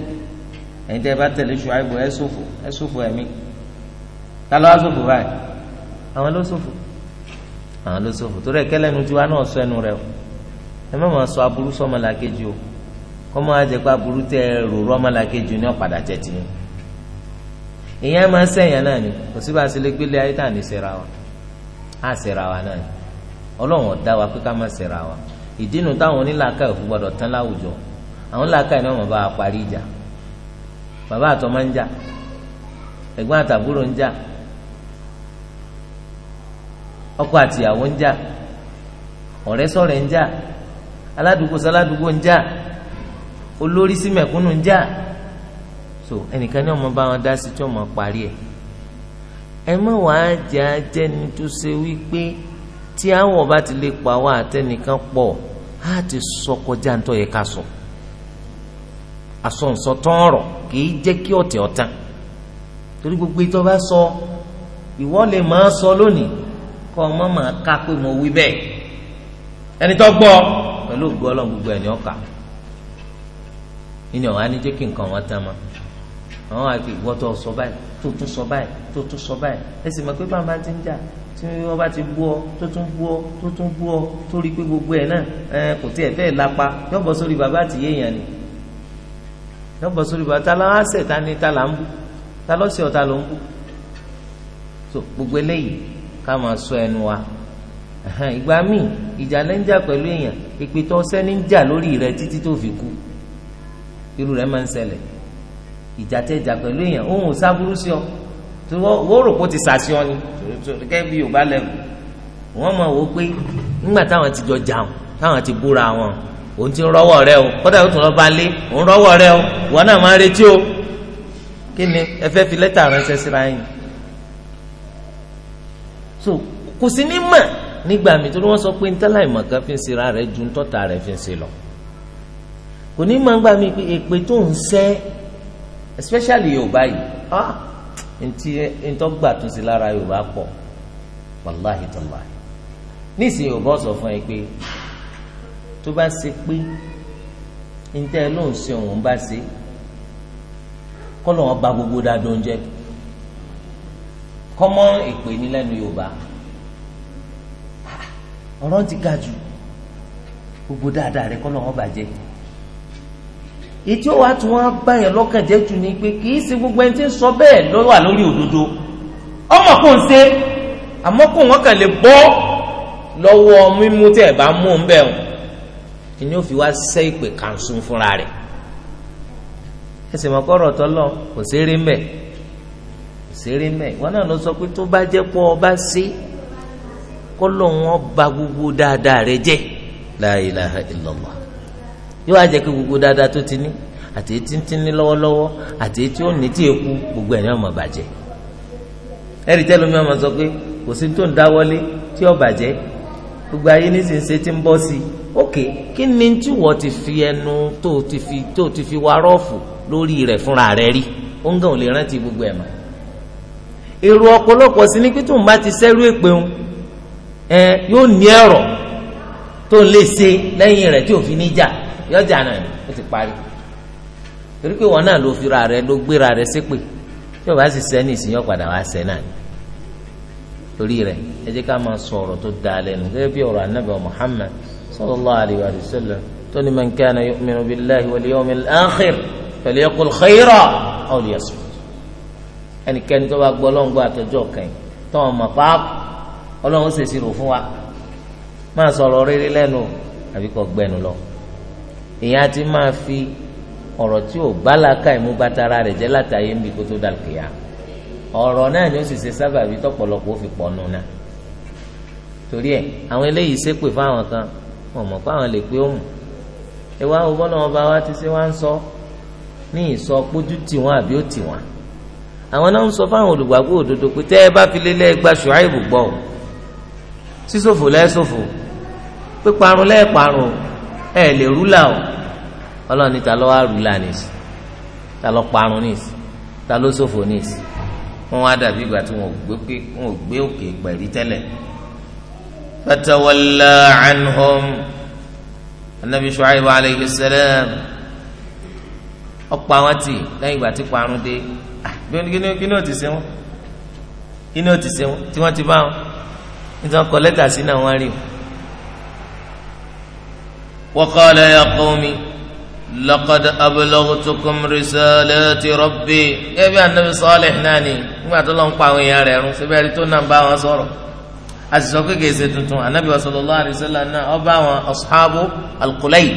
ẹ̀yin tẹ́ ẹ bá tẹ̀lé ṣùgbọ́n ẹ ṣòfò ẹ ṣòfò ẹ̀mí ta ló wá ṣòfò báyìí àwọn ló ṣòfò àwọn ló sòfò torí ẹ̀kẹ́ lẹ́nu ju wa náà sọ ẹnu rẹ o ẹ má aburu sọ aburú sọmọlàkejì o kọ́ máa jẹ́ pé aburú tẹ rò ní ọ̀padà jẹ́ tì ìyẹn máa ń sẹ̀yìn náà ni kò sí a gbélé ayé tà ní sẹ̀ra wa á sẹ̀ra wa náà ni ọlọ́run ọ̀dá wa pé ká má sẹ̀ra wa ìdínú táwọn onílàákà òfin gbọdọ̀ tán láwùjọ àwọn parí ìjà bàbá ń jà ẹ̀gbọ́n àtàbúrò ń jà ọkọ àtìyàwó ń jà ọ̀rẹ́ sọ̀rẹ́ ń jà aládùúgbò sáládùúgbò ń jà olórí sí mẹ̀kúnnù ń jà so ẹnìkan ní ọmọ bá wọn dá sí tí ọmọ parí ẹ ẹ má wàá jẹ ajẹni tó ṣe wípé tí àwọn ọba ti lè pa wá àtẹnìkan pọ̀ á ti sọ kọjá ń tọ́ yẹ ká sọ àsọǹsọ tán ọ̀rọ̀ kìí jẹ́ kí ọ̀tẹ̀ ọ̀tàn torí gbogbo ìtọ́ bá sọ ìwọ lè máa sọ lónìí kọ́ ọmọ màá ká pé mo wí bẹ́ẹ̀ ẹni tó gbọ́ pẹ̀lú ògbó ọlọ́run gbogbo ẹ̀ ní ọkà ìní ọ̀hán ní jẹ́ kí nǹkan wọn tán ma àwọn àti ìwọ́tọ̀ sọ báyìí tó tún sọ báyìí tó tún sọ báyìí ẹ sì mọ̀ pé bàbá ti ń jà tí wọ́n bá ti bú ọ tó tún bú ọ tó tún bú ọ tó rí i pé gbogbo ẹ̀ náà ẹ kò tí ẹ̀ fẹ́ lápá yọ̀bọ̀ sórí bàbá àti yéèyàn ni yọ̀bọ̀ sórí bàbá ta láwọn àṣẹ ta ni ń bú ta lọ́sẹ̀ ọ̀ta ló ń bú so gbogbo eléyìí ká máa sọ ẹnu wa ìgbà míì ìjà lẹ́ ń jà pẹ̀lú èèyàn ìpè tó sẹ́ni ń jà lórí rẹ títí tó fi kú irú rẹ máa ń ṣẹlẹ̀ ìjà tẹ́ jà pẹ̀lú èèyàn òun ò sábúrú sí ọ tí wọ́n rò pé ó ti sàṣẹ ọ ni kẹ́ bí yorùbá lẹ́nu wọ́n mọ̀ wọ́n pé nígbà táwọn ti jọ jàun táwọn ti búra wọn òun ti ń rọ́wọ́ rẹ o kọ́dà yóò tún lọ́ọ́ bá lé òun rọ́wọ́ rẹ o wọn náà máa retí o kí ni ẹ fẹ́ fi lẹ́tà ránṣẹ́ síra yín so kò sí ní mà nígbà mi tó ní wọ́n sọ pé ntẹ́lá ìmọ̀ká fi ń ṣe ra rẹ̀ ju ntọ́ta rẹ̀ fi ń ṣe lọ kò ní mà gbà mí pé èpè tó ń sẹ́ especially yorùbá yìí ah ntí ntọ́gbà tó ṣe lára yorùbá pọ̀ wàláhi tọ́lá nísìnyí yorùbá sọ fún ẹ pé tó bá ṣe pé ntẹ́ ló ń ṣe òun bá se, kọ́ lọ́wọ́ ba gbogbo dáadọ́ ń jẹ́ kí common èpè ní lẹ́nu yorùbá ọ̀rọ̀ ti ga jù gbogbo dáadáa rẹ kọ́ lọ́wọ́ bàjẹ́ ètí ó wàá tún bá yẹn lọ́kàn jẹ́ jù ni pé kì í ṣe gbogbo ẹni tí ń sọ bẹ́ẹ̀ ló wà lórí òdodo ọmọ kò ń ṣe àmọ́ kò wọ́n kàn lè bọ́ lọ́wọ́ mímú tí ẹ̀ bá mú un bẹ́ẹ̀ o ni ó fi wá ṣẹ́ ìpè kàǹsùn fúnra rẹ̀ ẹ̀sìn mọ́kọ́rọ̀ tọ́lọ́ kò ṣeré ń ṣeré mẹ wọn náà lọ sọ pé tó bá jẹ́ pọ ọba sí kọlọ wọn ba gbogbo dáadáa rẹ jẹ́ la ilaha illallah yóò wá jẹ́ kí gbogbo dáadáa tó ti ní àti etí ń ti ní lọ́wọ́lọ́wọ́ àti etí ó ní tí eku gbogbo ẹ̀ ní ọmọ bàjẹ́ ẹ̀rí tẹ́lómi ọmọ sọ pé kò sí tó ń dáwọ́lé tí ó bàjẹ́ gbogbo ayé nísinsìnyí ti ń bọ́ sí i ókè kí ni tí wọ́n ti fi ẹnu tó ti fi tó ti fi wa rọ́ọ̀fù lórí rẹ̀ fúnra rẹ̀ rí ó ń gàn lè rántí gbogbo ẹ̀ mọ́ èrò ọ̀pọ̀lọpọ̀ sí ni pé tóun bá ti sẹ́rú èpè ń ẹ yóò ní ẹ̀rọ tó lè ṣe lẹ́yìn rẹ̀ tí òfin níjà yọjà náà ni ó ti parí torí pé wọn náà ló fira rẹ̀ ló gbéra rẹ̀ ṣépè tí o bá sì sẹ́ni ìsìnyọ́ padà wá sẹ́ náà ni torí rẹ̀ ẹ jẹ́ ká máa sọ ọ̀rọ̀ tó dáa lẹ́nu gẹ́gẹ́ bí ọ̀rọ̀ anábẹ́ Muhammad sallallahu alayhi wa sallam tó ní man kana yu'minu billahi wal yawmil akhir falyaqul khayran aw ẹnikẹ́ni tó bá gbọ́ ọlọ́run gbọ́ àtọ́jọ́ kẹ́yìn tó wọn mọ̀ pa ọlọ́run ṣèṣì rò fún wa máa sọ̀rọ̀ rere lẹ́nu àbí kò gbẹnu lọ ìyẹn àti máa fi ọ̀rọ̀ tí ò bá làákà ìmú bàtàrà rẹ̀ jẹ́ látàyè ń bi kó tó dàlùkìyà ọ̀rọ̀ náà ni ó sì ṣe sábàbí tọ̀pọ̀lọpọ̀ ó fi pọ̀ nù náà torí ẹ̀ àwọn eléyìí ṣépè fáwọn kan wọn mọ̀ fáwọn lè pé ó ẹ wá owó náà wọn bá wá ti ṣe wá ń sọ ní ìsọ pójú tì àbí ó tì àwọn náà ń sọ fáwọn olùgbàgbọ́ òdodo pé tẹ́ ẹ bá fi lélẹ̀ gba ṣùáìbù gbọ́ ọ sísòfò lẹ́sòfò píparun lẹ́ẹ̀parun ẹ lè rúlà o ọlọ́run ní ta ló wá rúlà nìsí ta ló parun nìsí ta ló sòfò nìsí wọn wá dàbí ìgbà tí wọn ò gbé òkè pẹ̀lú tẹ́lẹ̀ fatawalla anhum anabi ṣùáìbù aleyhi salam ọ̀pọ̀ àwọn tì lẹ́yìn ìgbà tí parun dé kí ni ó ti ṣe wọn kí ni ó ti ṣe wọn tí wọ́n ti bá wọn nítorí kọ lẹ́tà sí náà wọ́n rí o. وقال يا قوم لقد أبلغتكم رسالات ربي ẹbí anabi sọọlẹ náà ni nígbà tó lọ ń pa àwọn èèyàn rẹ̀ run síbẹ̀ rí tó náà bá wọn sọ̀rọ̀ a sì sọ pé kìí ṣe tuntun anabi sallallahu alaihi wasallam náà ọba àwọn ashabu alqulay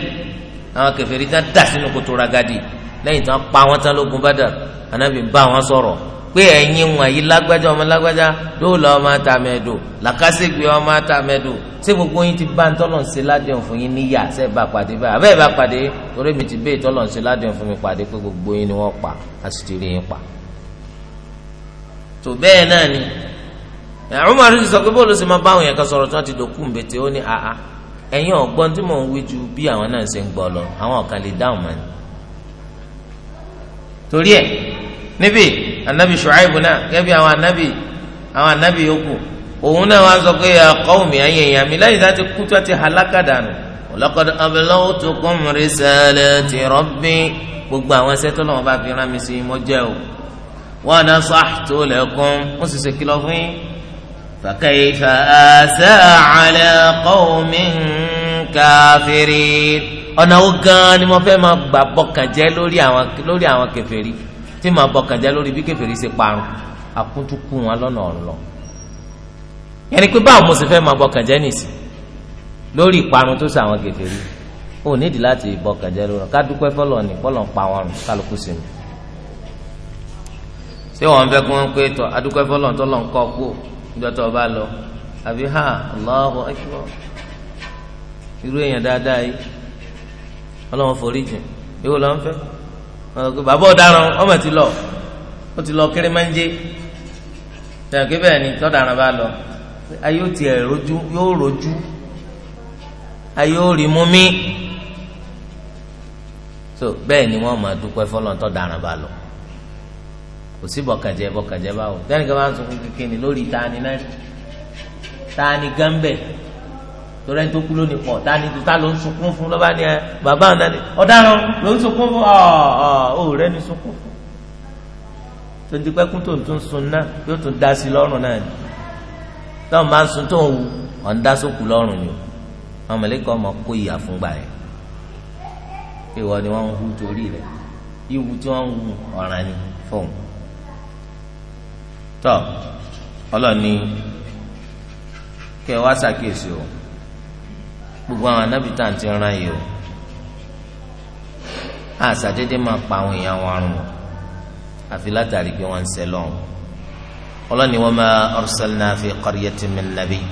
àwọn kèfèrí tán dà sínú kòtò ragadi lẹ́yìn tí wọ́n pa wọ́n tán lógun Badr anabi bá wọn sọ̀rọ̀ pé ẹ̀yin wọn yìí lágbájá ọmọ lágbájá dóòlà ọmọ àtàmẹ̀dò làkàṣègbè ọmọ àtàmẹ̀dò ṣé gbogbo yín ti bá ń tọ́lọ̀ ń ṣe ládìhùn fún yín níyà ṣe bá pàdé báyìí àbẹ́ẹ̀ bá pàdé torí mi ti bẹ́ẹ̀ tọ́lọ̀ ń ṣe ládìhùn fún mi pàdé pé gbogbo yín ni wọ́n pa a sì ti rí yín pa. tó bẹ́ẹ̀ náà ni ọmọ àrùn ti sọ pé bóòlù sì máa bá àwọn yẹn kan sọ̀rọ̀ tí wọ́n ti dòkú mbètè ó ní àá ẹ̀yin ọ̀gbọ́n tí mò ń wí torí ẹ níbi anabi shuaibu náà gẹbi àwọn anabi àwọn anabi yòókù òun náà wá sọ pé qawmi ẹ̀yìn ẹ̀yà mi lẹ́yìn láti kú tó ti halaka dànù laqad ablawtukum risalati rabbi gbogbo àwọn ẹsẹ tó lọ́wọ́ bá fi rán mi sí mo jẹ́ o wa nasahtu lakum mo sì ṣe kìlọ̀ fún yín fa kayfa asa ala qawmin kafirin. ọ̀nà wo gan ni mo fẹ́ máa gbà bọkànjẹ́ lórí àwọn lórí ma tí màá lórí bí kèfèrí ṣe parun àkúntúkù wọn lọ́nà ọ̀lọ́ yẹn ni pé báwo mo sì fẹ́ máa bọkànjẹ́ nìsí lórí ìparun tó sàwọn nídìí láti lórí ká dúpẹ́ fọlọ́ ní fọlọ́ ń pa wọn rùn kálukú sí mi ṣé wọn fẹ́ kí wọ́n pé tọ́ adúpẹ́ fọlọ́ tó lọ́n kọ́ kú bá lọ àbí irú èèyàn dáadáa yìí ọlọ́wọ́n forí jìn ìwọ lọ́n fẹ́ bàbá ọ̀daràn ọmọ ti lọ ó ti lọ kérémánjé tẹ̀kí bẹ́ẹ̀ ni tọ́daràn bá lọ ayé rojú yóò rojú ayé mú mi so bẹ́ẹ̀ ni wọ́n máa dúpẹ́ fọlọ́n tọ́daràn bá lọ kò sí bọ̀kàjẹ́ bọ̀kàjẹ́ báwo tẹ́nìkan bá ń sọ fún kékeré lórí tani náà tani torí ẹni tó kú lónìí pọ̀ tá ni tuta ló ń sunkún fún lọ́ba ni ẹ bàbá ọ̀nà ni ọ̀daràn ló ń sunkún fún ọ̀ ọ̀ ò rẹ́ ni sunkún fún. tonti pẹ́kún tó ń tún sun náà yóò tún da sí lọ́rùn náà ni táwọn máa ń sun tó ń wu ọ̀ ń dá sókù lọ́rùn ni àwọn mọ̀lẹ́kọ̀ ọmọ kó ìyà fún gbà yẹn pé ni wọ́n ń hu torí rẹ̀ iwu tí wọ́n ń hu ọ̀ràn ni fóun. tọ́ ọlọ́ni kẹ́ ṣàkíyèsí o gbogbo àwọn anábì tá à ń ti ran yìí o àṣàdédé máa pa àwọn èèyàn wọn àrùn wọn àfi látàrí pé wọ́n ń ṣẹ lọ́hùn ọlọ́ni wa ma arsalna fi qaryatin min nabiy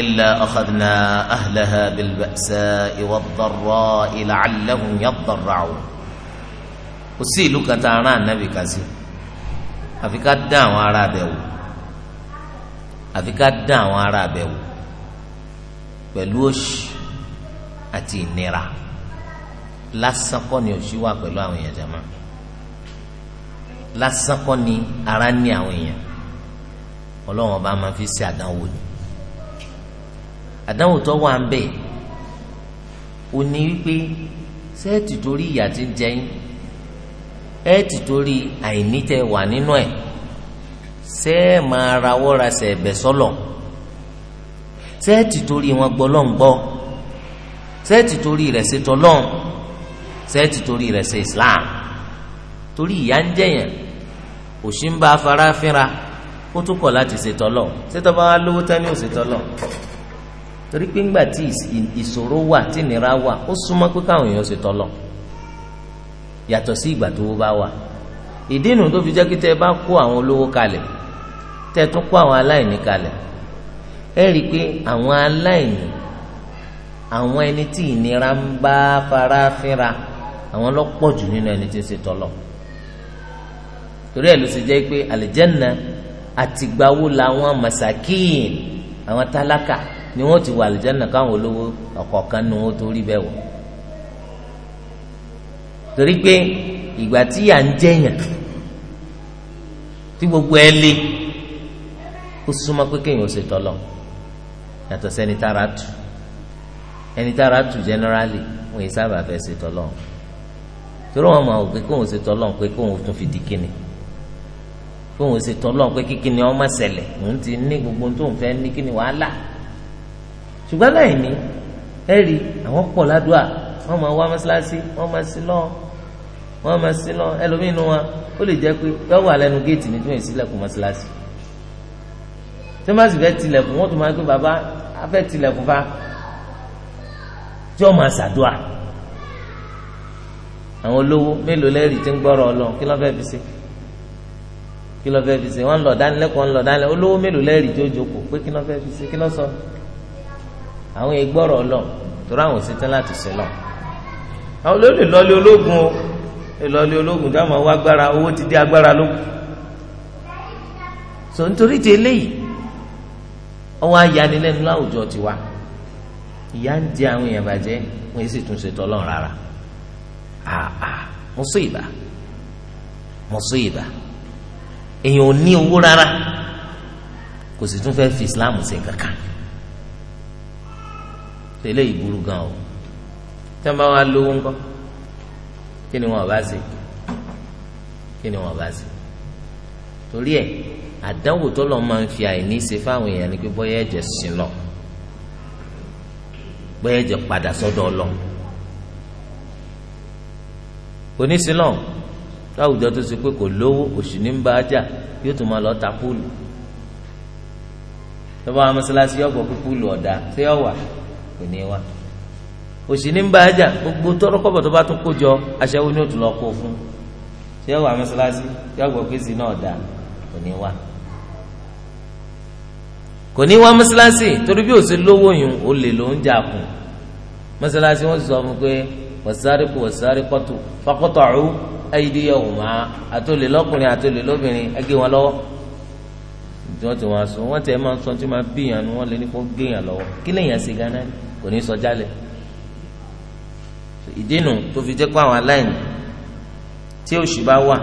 illa akhadna ahlaha bil ba'sa'i wad darra'i la'allahum yadarra'un kò sí ìlú kan tá a rán ànábì kan sí àfi ká dán àwọn ará bẹ̀ wò àfi ká dán àwọn ará bẹ̀ wò pẹ̀lú òṣì àti ìnira lásán kọ́ ni òṣì wà pẹ̀lú àwọn èèyàn jàmá lásán kọ́ ni ara ní àwọn èèyàn ọlọ́wọ́n bá máa fi ṣe àdánwò ni àdánwò tó wà ń bẹ̀ ò ní wípé sẹ́ẹ̀tì torí ìyà ti jẹ yín ẹ̀ẹ́tì torí àìní tẹ wà nínú ẹ̀ sẹ́ẹ̀ máa rawọ́ ra sẹ̀ẹ̀bẹ̀ sọ́lọ̀. So sẹ́ẹ̀tì torí wọn gbọ́ lọ́n gbọ́ sẹ́ẹ̀tì torí rẹ̀ ṣe tọ́lọ́n sẹ́ẹ̀tì torí rẹ̀ ṣe Islam torí ìyá ń jẹ̀yàn òṣì ń bá afárá fínra ó tún kọ̀ láti ṣe tọ́lọ́n ṣètò bá wà lówó tán ní òṣè tọ́lọ́n torí pé ńgbà tí ìṣòro wà tí ìnira wà ó súnmọ́ pé káwọn èèyàn ṣe tọ́lọ́n yàtọ̀ sí ìgbà tówó bá wà ìdí nu tó fi jẹ́ kí tẹ́ bá kó àwọn olówó kalẹ̀ tẹ́ tún kó àwọn aláìní kalẹ̀ ẹ rí i pé àwọn aláìní àwọn ẹni tí ìnira ń bá fara fínra àwọn ló pọ̀ jù nínú ẹni tí ń ṣe tọlọ torí ẹ̀ ló ṣe jẹ́ pé àlìjẹ́nà àtìgbàwo làwọn masakin àwọn tálákà ni wọ́n ti wà àlìjẹ́nà káwọn olówó ọ̀kọ̀ọ̀kan ni wọ́n tó rí bẹ́ẹ̀ wọ̀ torí pé ìgbà tí yà ń jẹyàn tí gbogbo ẹ lé ó súnmọ́ pé kéèyàn ó ṣe tọlọ yàtọ̀ sẹ́ni tára tù ẹni tára tù generally wọn yìí sábà fẹ́ ṣe tọ́lọ́ torí wọn máa wò pé kóun ṣe tọ́lọ́ pé kóun tún fi di kíni kóun ṣe tọ́lọ́ pé kíkíni ọmọ ṣẹlẹ̀ òun ti ní gbogbo tó ń fẹ́ ní kíni wàhálà ṣùgbọ́n láì ní ẹ rí àwọn pọ̀ ládùá wọn máa wá mọ́ṣáláṣí wọn máa sí lọ́ọ́ wọn máa sí lọ́ọ́ ẹlòmínú wọn ó lè jẹ́ pé yọ wà lẹ́nu géètì ní tí wọ́n ì sílẹ̀kùn mọ́ṣáláṣí tí wọ́n bá sì fẹ́ tilẹ̀kùn wọ́n tún máa ń pè bàbá afẹ́ tilẹ̀kùn fa tí wọ́n máa ṣàdúà àwọn olówó mélòó lẹ́rìí tí ń gbọ́rọ̀ ọlọ́run kí ló fẹ́ fi ṣe kí ló fẹ́ fi ṣe wọ́n ń lọ dánilẹ́kọ̀ọ́ ń lọ dánilẹ́kọ̀ọ́ olówó mélòó lẹ́rìí tí ó jókòó pé kí ló fẹ́ fi ṣe kí ló sọ àwọn ìgbọ́rọ̀ ọlọ́run torí àwọn òsì tán láti ṣe lọ àwọn olóòlù lọ́lé ológun o ìlọ́lé ológun dáhùn àwọn agbára owó ti dé agbára lókun so nítorí ti eléyìí ọwọ́ ayanilẹ́nu láwùjọ tiwa ìyá ń jẹ àwọn èèyàn bàjẹ́ wọ́n sì tún ṣe tọ́lọ́run rárá àà mùsíbà mùsíbà èèyàn ò ní owó rárá kò sì tún fẹ́ fi Islam ṣe kankan tẹ́lẹ̀ ìburú gan o tí wọ́n bá wá lówó ńkọ́ kí ni wọ́n bá ṣe kí ni wọ́n bá ṣe torí ẹ̀ àdánwò tó lọ́ máa ń fi àìní ṣe fáwọn èèyàn ni pé bọ́yá ẹ̀jẹ̀ sin lọ bọ́yá ẹ̀jẹ̀ padà sọ́dọ̀ lọ. onísìlọ̀ láwùjọ tó ṣe pé kò lówó oṣù ní ń bá jà yóò tún máa lọ ta púùlù tọ́ba àwọn mọ́sálásí ọ̀gbọ́ pé púùlù ọ̀dà ṣé ọ̀wà kò ní wá òṣì ní ń bá jà gbogbo tọ́rọ́kọ́bọ̀ tó bá tún kó jọ aṣẹ́wó ni ó tún lọ kó fún ṣé ọ̀wà mọ́sálásí yọ̀gbọ́ pé sí náà ọ̀dà kò ní wá kò ní wá mọ́sálásì torí bí òsè lówó yùn ó lè ló ń jà kùn mọ́sálásì wọ́n sọ fún pé wàsáríkù wàsáríkọ́tù fakọ́tọ̀ọ̀rù ayídíyàwó máa àtòlè lọ́kùnrin àtòlè lóbìnrin ẹgbẹ́ wọn lọ́wọ́ tí wọ́n ti wọ́n sọ wọ́n ti ẹ̀ máa sọ tí máa bíyàn nu wọ́n lè ní kó géèyàn lọ́wọ́ kí lèèyàn ṣe gánà kò ní sọ jálẹ̀ ìdínú tó fi jẹ́ pé àwọn tí òṣì bá wà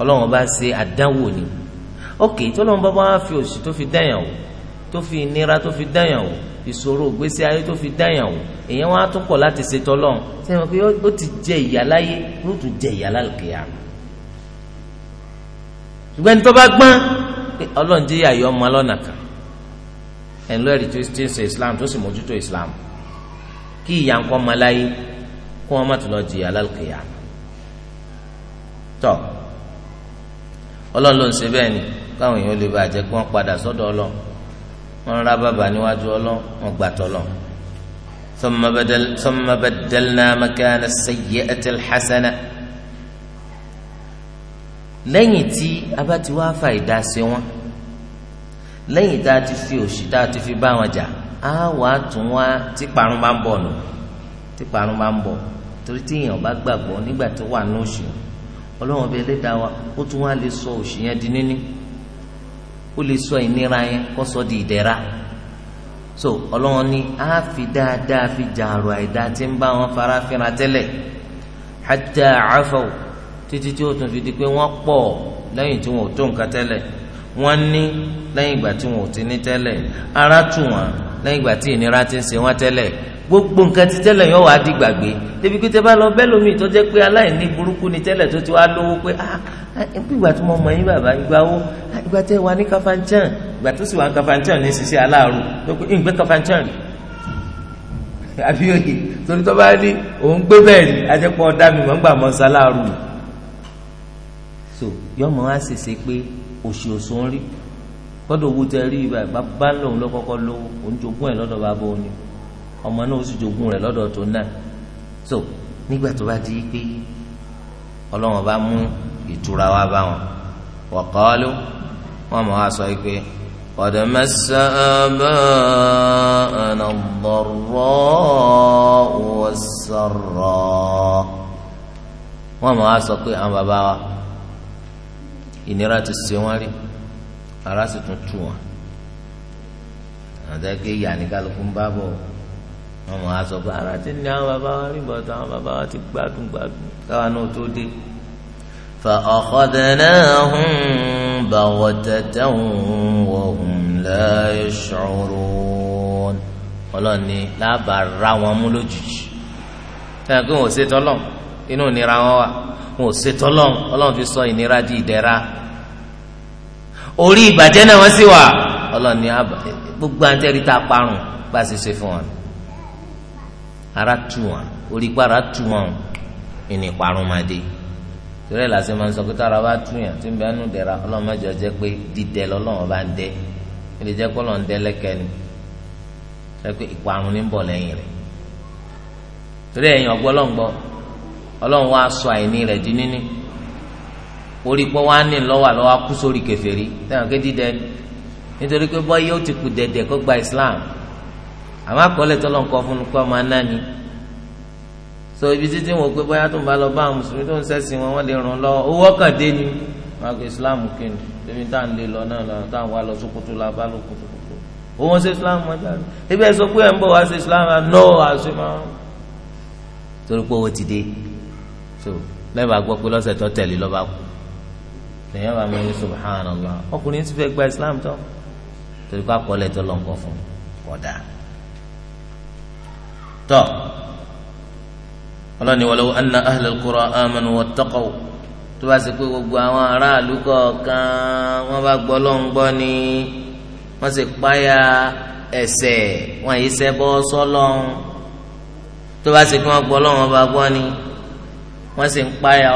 ọlọ́run bá ṣe àdánwò ni ókè tó lọ́n bá wá fi òṣì tó fi dáyàn wò tó fi ìnira tó fi dáyàn wò ìṣòro ògbésí ayé tó fi dáyàn wò èèyàn wọn á tún láti ṣe tọ́lọ́run sẹ́yìn pé ó ti jẹ ìyà láyé yóò tún jẹ ìyà lálùkìyà ṣùgbọ́n ẹni tó bá gbọ́n ọlọ́run jẹ́ àyọ̀ ọmọ ọlọ́nà kan ẹ̀ ẹ̀rí tó ti ṣe Islam tó sì mójútó Islam kí ìyà ńkọ́ ọmọ láyé kó wọn má tún lọ jìyà lálùkìyà tọ́ ọlọ́run ló ń ṣe bẹ́ẹ̀ ni káwọn èèyàn lè bàjẹ́ kí wọ́n padà sọ́dọ̀ ọlọ́run wọn rà bàbà níwájú ọlọ wọn gbà tọlọ thumma baddalna makana as-sayyi'ati al-hasana lẹ́yìn tí a bá ti wá fa ìdásí wọn lẹ́yìn tá a ti fi òṣì tá a ti fi bá wọn jà á wà á tún wá tí bá ń bọ̀ nù tí bá ń bọ̀ torí tí èèyàn bá gbàgbọ́ nígbà tó wà ní òṣì ọlọ́wọ́n bẹ lẹ́dàá wa ó tún wá lè sọ òṣì yẹn di níní. ó lè sọ ìnira yẹn kó sọ di ìdẹ̀ra so ọlọ́wọ́n ní a fi dáadáa fi jàrò àìdá tí ń bá wọn fara fínra tẹ́lẹ̀ hatta afaw títí tí ó tún fi di pé wọ́n pọ̀ lẹ́yìn tí wọn ò tó nǹkan tẹ́lẹ̀ wọ́n ní lẹ́yìn ìgbà tí wọn ò ti ní tẹ́lẹ̀ ara tù wọ́n lẹ́yìn ìgbà tí ìnira ti ń se wọ́n tẹ́lẹ̀ gbogbo nǹkan ti tẹ́lẹ̀ yóò wá di gbàgbé débi pé tẹ́ bá lọ bẹ́ẹ̀ lómi tó jẹ́ pé aláìní burúkú ni tẹ́lẹ̀ tó ti wá lówó pé ah, ah ìgbà tí mo mọ̀ yín bàbá ìgbà wo ah, ìgbà tẹ́ wà ní Kafanchan ìgbà tó sì wà ní Kafanchan ní ṣiṣẹ́ aláàrú tó pé ìgbẹ́ Kafanchan rí àbí òye torí tó bá ní òun gbé bẹ́ẹ̀ rí ajẹ́pọ̀ ọ̀dà mi mọ̀ ń gbà mọ́ sáláàrú so yọmọ wa ṣèṣe pé òṣì òṣù ń rí kọ́dọ̀ owó tẹ rí bàbá lòun lọ́kọ́kọ́ ọmọ náà ó sì jogún rẹ̀ lọ́dọ̀ tó náà so nígbà tó bá di pé ọlọ́wọ́n bá mú ìtura wá bá wọn wọ́kọ́ọ́lù wọ́n mọ̀ wá sọ pé ọ̀dọ̀ mẹ́sà bá ẹ̀nà bọ̀rọ̀ wọ́n sọ̀rọ̀ wọ́n mọ̀ wá sọ pé àwọn bàbá wa ìnira ti ṣe wọ́n rí ara sì tún tù wọ́n àdàgé yà ní kálukú ń bá bọ̀ ọ́ wọn mọ aṣọ pé ara ti ní àwọn bàbá wa rí bọ́tà àwọn bàbá wa ti gbádùn gbádùn káwa náà tó dé. فأخذناهم بغتة وهم لا يشعرون ọlọ́ni lábàárà wọn mú lójijì táwọn kí wọn ò ṣe tọ́lọ̀ inú ìnira wọn wà wọn ò ṣe tọ́lọ̀ ọlọ́run fi sọ ìnira di ìdẹ̀ra orí ìbàjẹ́ náà wọ́n sì wà ọlọ́ni gbogbo àǹtẹ̀rí tá a parun bá a ṣe ṣe fún wọn. ara tu wọn oríkpara tu wọn ìní ìparun torí ẹ̀ làṣẹ máa ń sọ pé tára bá tu yàn tí ń bẹ́ẹ̀ nù dẹ̀ra ọlọ́run má jọ pé dídẹ lọ́lọ́run bá ń dẹ ilé jẹ́ kọ́lọ́ ń dẹ lẹ́kẹ́ ni pé ìparun ní ń bọ̀ lẹ́yìn torí ẹ̀yìn ọgbọ́ ọlọ́run gbọ́ ọlọ́run wá sọ àìní di Islam àmọ́ àkọọ́lẹ̀ tó lọ́nkọ́ fún un kó ọmọ aná ni so ibi títí wọn pé bóyá tó ń bá lọ bá àwọn mùsùlùmí tó ń ṣẹ̀sìn wọn wọ́n lè ràn lọ owó ọkàn dé ni wọn àgbẹ̀ islam kìnnì tèmi tá à ń lè lọ náà lọ tá à ń wá lọ sókòtò la bá lọ kòtòkòtò owó ṣe islam wọn jáde ebi sọ pé ẹ ń bọ̀ wá ṣe islam no àṣemọ́ torí pé owó ti dé so lẹ́bàá gbọ́ pé lọ́sẹ̀ tó tẹ̀lé lọ́ba kú lèyìn bá subhanallah ọkùnrin ti fẹ́ gba islam tán torí pé àkọọ́lẹ̀ tó lọ́nkọ́ tọ́ ọlọ́ni wàlẹ́ wọn anna ahlẹ̀ kura amanu wọ́n tọ́kọ̀ tó bá ṣe pé gbogbo àwọn aráàlú kọ̀ọ̀kan wọ́n bá gbọ́ lọ́ngbọ́n ni wọ́n sì páyà ẹ̀ṣẹ̀ wọ́n yìí ṣẹbọ sọ́lọ́n tó bá ṣe pé wọ́n gbọ́ lọ́wọ́n bá gbọ́ ni wọ́n sì ń páyà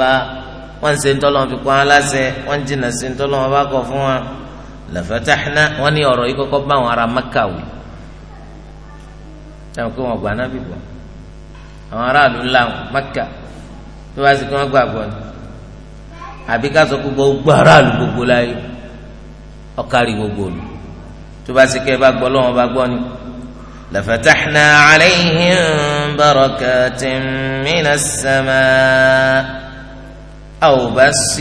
bá wọ́n ń ṣe ń fi pọ́n aláṣẹ wọ́n ń jìnnà sí ń tọ́lọ́wọ́n bá kọ̀ fún wọn lafatahna wọ́n ní ọ̀rọ̀ yìí kọ́kọ́ bá àwọn ará Mákà wí táwọn kó wọn gbà náà bìbọ àwọn aráàlú ńlá wọn Mẹ́kà tó bá sì kí wọn gbàgbọ́ ni àbí ká sọ gbogbo gbogbo aráàlú gbogbo láyé ọkàrí gbogbo olù tó bá sì kí bá gbọ́ lọ́wọ́ bá gbọ́ ni. لفتحنا عليهم بركات من السماء أو بس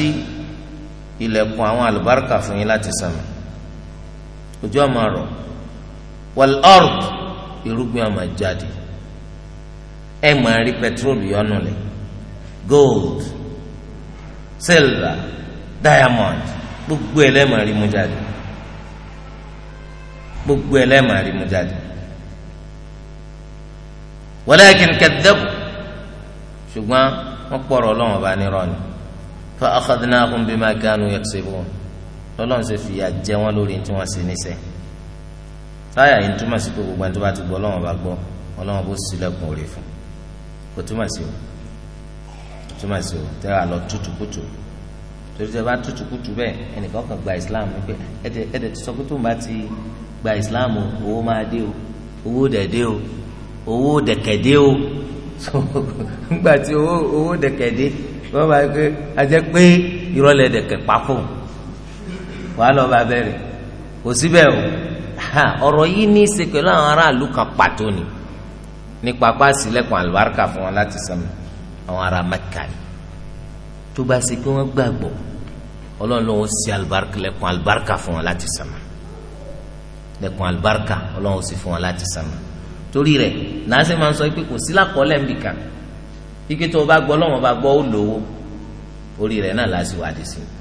ilẹ̀kùn àwọn àlùbáríkà fún yín láti sàmì ojú ọmọ irúgbìn ọmọ jáde ẹ máa rí pẹtrólù yọnu lẹ gold silver diamond gbogbo ẹ lẹ máa rí mu jáde gbogbo ẹ lẹ máa rí mu jáde walakin kadhabu ṣùgbọ́n wọ́n pọ̀rọ̀ ọlọ́run ọba nírọ̀ ni fa akhadnahum bima kanu yaksibun lọ́lọ́run ṣe fìyà jẹ wọ́n lórí tí wọ́n ṣe níṣẹ́ táyà yìí túmọ̀ sí pé gbogbo ẹni tó bá ti gbọ́ ọlọ́wọ́n bá gbọ́ ọlọ́wọ́n bó sílẹ̀kùn òrè fún kò túmọ̀ sí o kò túmọ̀ sí o tẹ́ wà lọ tútùkùtù torí tẹ́ bá tútùkùtù bẹ́ẹ̀ ẹnìkan kan gba Islam wípé ẹ̀dẹ̀ ẹ̀dẹ̀ sọ pé tó ń bá ti gba Islam owó máa dé o owó dẹ̀ o owó dẹ̀kẹ̀ o nígbà tí owó owó dẹ̀kẹ̀ dé wọ́n máa gbé ajẹ́ pé ìrọ̀lẹ́ dẹ̀kẹ̀ pákó wàá lọ́ọ́ bá bẹ̀rẹ̀ kò síbẹ̀ o ọ̀rọ̀ yìí ní í ṣe pẹ̀lú àwọn aráàlú kan pàtó ni nípa pàṣẹ lẹ́kùn àlùbáríkà fún wọn láti sọnù àwọn ará Mẹ́kà ni tó bá ṣe pé wọ́n gbàgbọ́ ọlọ́run ló ń ṣe àlùbáríkà lẹ́kùn àlùbáríkà fún wọn láti sọnù lẹ́kùn àlùbáríkà ọlọ́run ó sì fún wọn láti sọnù torí rẹ̀ nàásì máa ń sọ pé kò sí lákọọ́lẹ̀ ń bì kan ike tó o bá gbọ́ ọlọ́run bá gbọ́ ó lówó orí rẹ̀ náà láti wádìí sí i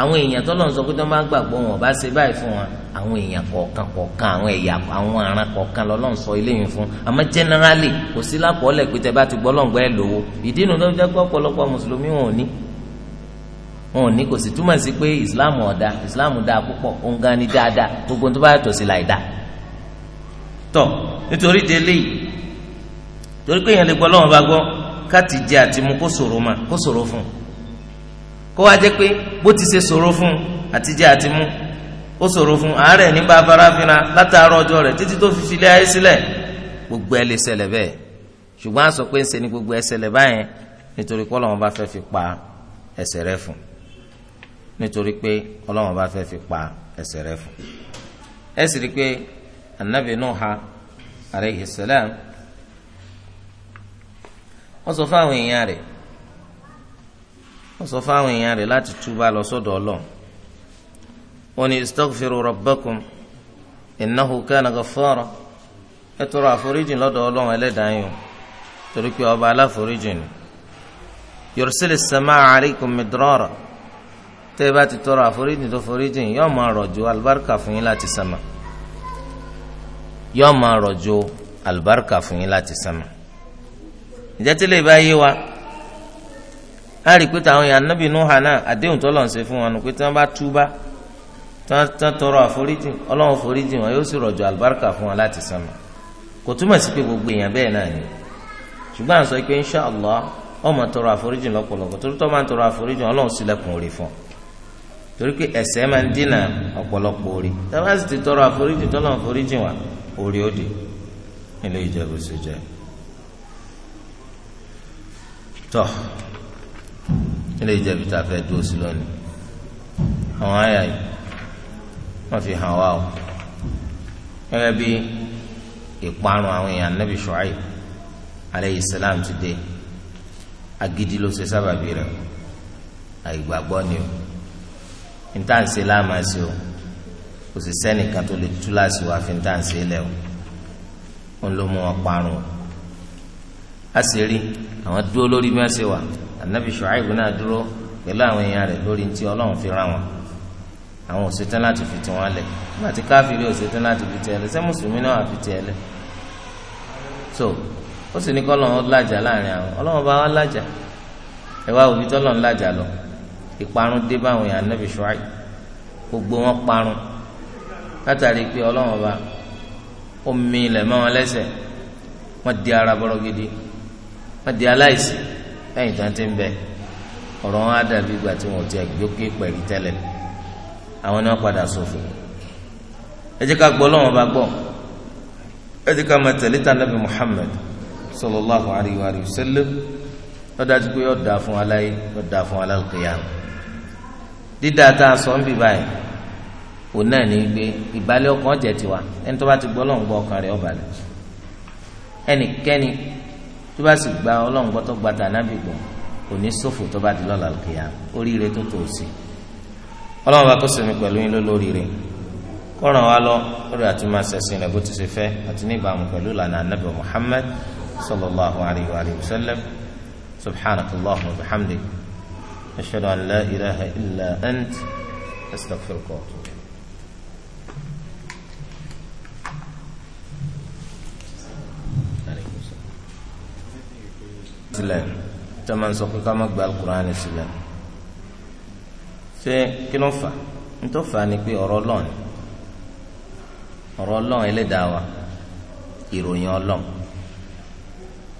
àwọn èèyàn tó lọ́n sọ pé tó máa ń gbàgbọ́ wọn bá ṣe báyìí fún wọn àwọn èèyàn kọ̀ọ̀kan kọ̀ọ̀kan àwọn ẹ̀yà àwọn aràn kọ̀ọ̀kan lọ́n sọ eléyìí fún àmọ́ generally kò sí lákọọ́lẹ̀ pé tẹ bá ti gbọ́ lọ́ngbọ́ ẹ̀ lówó ìdí inú ló ń jẹ́ pé ọ̀pọ̀lọpọ̀ mùsùlùmí wọn ò ní wọn ò ní kò sì túmọ̀ sí pé islam ọ̀dà islam dáa púpọ̀ òun gan ni dáadáa gbogbo tó bá yàtọ̀ sí láì dáa tọ nítorí délé torí pé èèyàn lè gbọ́ lọ́wọ́ bá gbọ́ kó wá jẹ́ pé bó ti ṣe ṣòro fún un àti jẹ àti mú ó ṣòro fún un àárẹ̀ nígbà afárafínà látàárọ̀ ọjọ́ rẹ̀ títí tó fi filẹ̀ ayé sílẹ̀ gbogbo ẹ lè ṣẹlẹ̀ bẹ́ẹ̀ ṣùgbọ́n a sọ pé ń ṣe ni gbogbo ẹ ṣẹlẹ̀ báyẹn nítorí pé Ọlọ́run bá fẹ́ fi pa ẹ̀ṣẹ̀ rẹ̀ fún nítorí pé Ọlọ́run bá fẹ́ fi pa ẹ̀ṣẹ̀ rẹ̀ fún ẹ sì rí i pé anabi Nuha alayhi salam wọ́n sọ fáwọn èèyàn rẹ̀ ó sọ fáwọn èèyàn rẹ̀ láti túbà lọ sọ́dọ̀ Ọlọ́run ó ní istaghfiru rabbakum innahu kana ghaffara ẹ tọrọ àforíjì lọ́dọ̀ Ọlọ́run Ẹlẹ́dàá yín torí pé ọba aláforíjì ni yorùsílẹ̀ sẹ́mà àríkùn mìdúrọ́rà tẹ́ ẹ bá ti tọrọ àforíjì tó foríjì yóò máa rọ̀jò alùbáríkà fún yín láti sẹ́mà yóò máa rọ̀jò alùbáríkà fún yín láti sẹ́mà ìjẹ́tílẹ̀ ìbá wa. a rí i pé táwọn èèyàn nábì Nuha náà àdéhùn tó lọ́n ṣe fún wọn pé tí wọ́n bá túbá tí tọrọ àforíjì ọlọ́run foríjì wọn yóò sì rọ̀jò àlùbáríkà fún wọn láti sánmà kò túmọ̀ sí pé gbogbo èèyàn bẹ́ẹ̀ náà ṣùgbọ́n à ń sọ pé tọrọ àforíjì lọ́pọ̀lọpọ̀ torí tó máa tọrọ àforíjì ọlọ́run fún torí pé ẹsẹ̀ máa ń dínà ọ̀pọ̀lọpọ̀ orí tọ. ilé ìjẹ̀bi tá a fẹ́ dúró sí lónìí àwọn àyà yìí wọ́n fi hàn wá o gẹ́gẹ́ bí ìparun àwọn èèyàn Nabi Shu'aib aleyhi salam ti dé agídí ló ṣe sábàbí rẹ̀ àìgbàgbọ́ ni o ntáǹsẹ̀ láàmásí o kò sì sẹ́nìkan tó lè túláàsì wá fi ntáǹsẹ̀ lẹ̀ o ń ló mú wọn parun o a sì rí àwọn dúró lórí bí wọ́n ṣe wà anabi shuaibu náà dúró pẹ̀lú àwọn èèyàn rẹ̀ lórí ntí ọlọ́run fi ra wọn àwọn òṣetán láti fi tiwọn lẹ̀ nígbà káfíìrì òṣetán láti fi tiẹ̀ lẹ̀ ṣé mùsùlùmí náà wà fi tiẹ̀ lẹ̀ so ó sì ní kọ́lọ́n ó lájà láàrin àwọn ọlọ́run bá wá lájà ẹ wá òbí tọ́lọ́n lájà lọ ìparun dé báwọn èèyàn anabi shuaibu gbogbo wọn parun látàrí pé ọlọ́run ọba ó mi ilẹ̀ mọ́ wọn lẹ́sẹ̀ wọ́n di ara bọ́rọ̀ gidi wọ́n di aláìsí lẹ́yìn tán ti ń bẹ ọ̀rọ̀ wọn á dàbí ìgbà tí wọn ò tiẹ̀ gbókè pẹ̀lú tẹ́lẹ̀ àwọn náà padà ṣòfò ẹ jẹ́ ká gbọ́ lọ́wọ́n bá gbọ́ ẹ jẹ́ ká máa tẹ̀lé ta nàbì Muhammad sallallahu alayhi wa sallam lọ́dájú pé yóò dáa fún aláyé yóò dáa fún al dídá tá a sọ ń bì báyìí òun náà ní gbé ìbálẹ̀ ọkàn jẹ̀ tiwa ẹni tó bá ti gbọ́ lọ́wọ́n gbọ́ ọkàn rẹ̀ ọ̀bàlẹ̀ ẹnikẹ́ni tó bá sì gba ọlọ́run gbọ́ tó gba tànàbì gbọ́ òní sófò tó bá di lọ́la kìá oríire tó tó sí ọlọ́run bá kó sẹ́mi pẹ̀lú yín lólóríire kọ́ràn wa lọ lórí àti máa ṣẹ̀sìn rẹ̀ bó ti ṣe fẹ́ àti ní ìbámu pẹ̀lú ìlànà anábì Muhammad sallallahu alayhi wa sallam subhanakallahu wa bihamdik ashhadu an la ilaha illa ant astaghfiruka. sílẹ̀ tó máa ń sọ pé ká má gba alukur'an sílẹ̀ ṣé kí ló fà nítorí fà ni pé ọ̀rọ̀ Ọlọ́run ọ̀rọ̀ Ọlọ́run ẹlẹ́dàá wa ìròyìn Ọlọ́run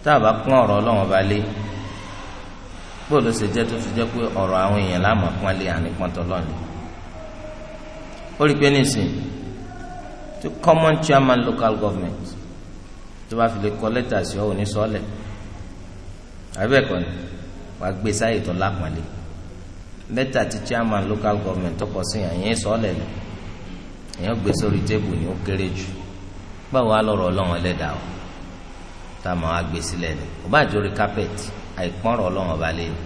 tá a bá pọ́n ọ̀rọ̀ Ọlọ́run ọba lé gbọ́dọ̀ ṣe jẹ́ tó fi jẹ́ pé ọ̀rọ̀ àwọn èèyàn láàmú pọ́n lé ànípọ́n tọ́lọ́ọ̀lẹ́ ó rí i pé nísìn tí common chairman local government tó bá fi lè kọ́ lẹ́tà sí ọ ò ní abẹ́ẹ̀kọ́ ni wàá gbé sáyè tó lápọ̀nlé lẹ́tà tí chairman local government tó kọ sí yàn yẹn sọ ọ́ lẹ̀ lọ èèyàn gbé sórí tébù ni ó kéré jù báwo á lọ́rọ̀ ọlọ́run ẹlẹ́dàá o tá a máa wá gbé sílẹ̀ ni kò bá jórí kápẹ́ẹ̀tì àìpọ́nrọ̀ ọlọ́run ọba lé ni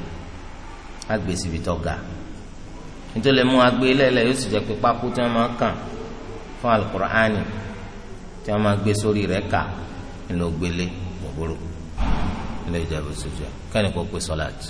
á gbé síbi tó ga nítorí mú wa gbé lẹ́lẹ̀ yóò sì jẹ́ pé pákó tí wọ́n máa kàn fún alukur'ani tí wọ́n máa gbé sórí rẹ̀ kà ńlọ gbélé gbogbo ilé ìjẹ́bù sójú ẹ̀ kẹ́ni kò pè sọ́láàtì.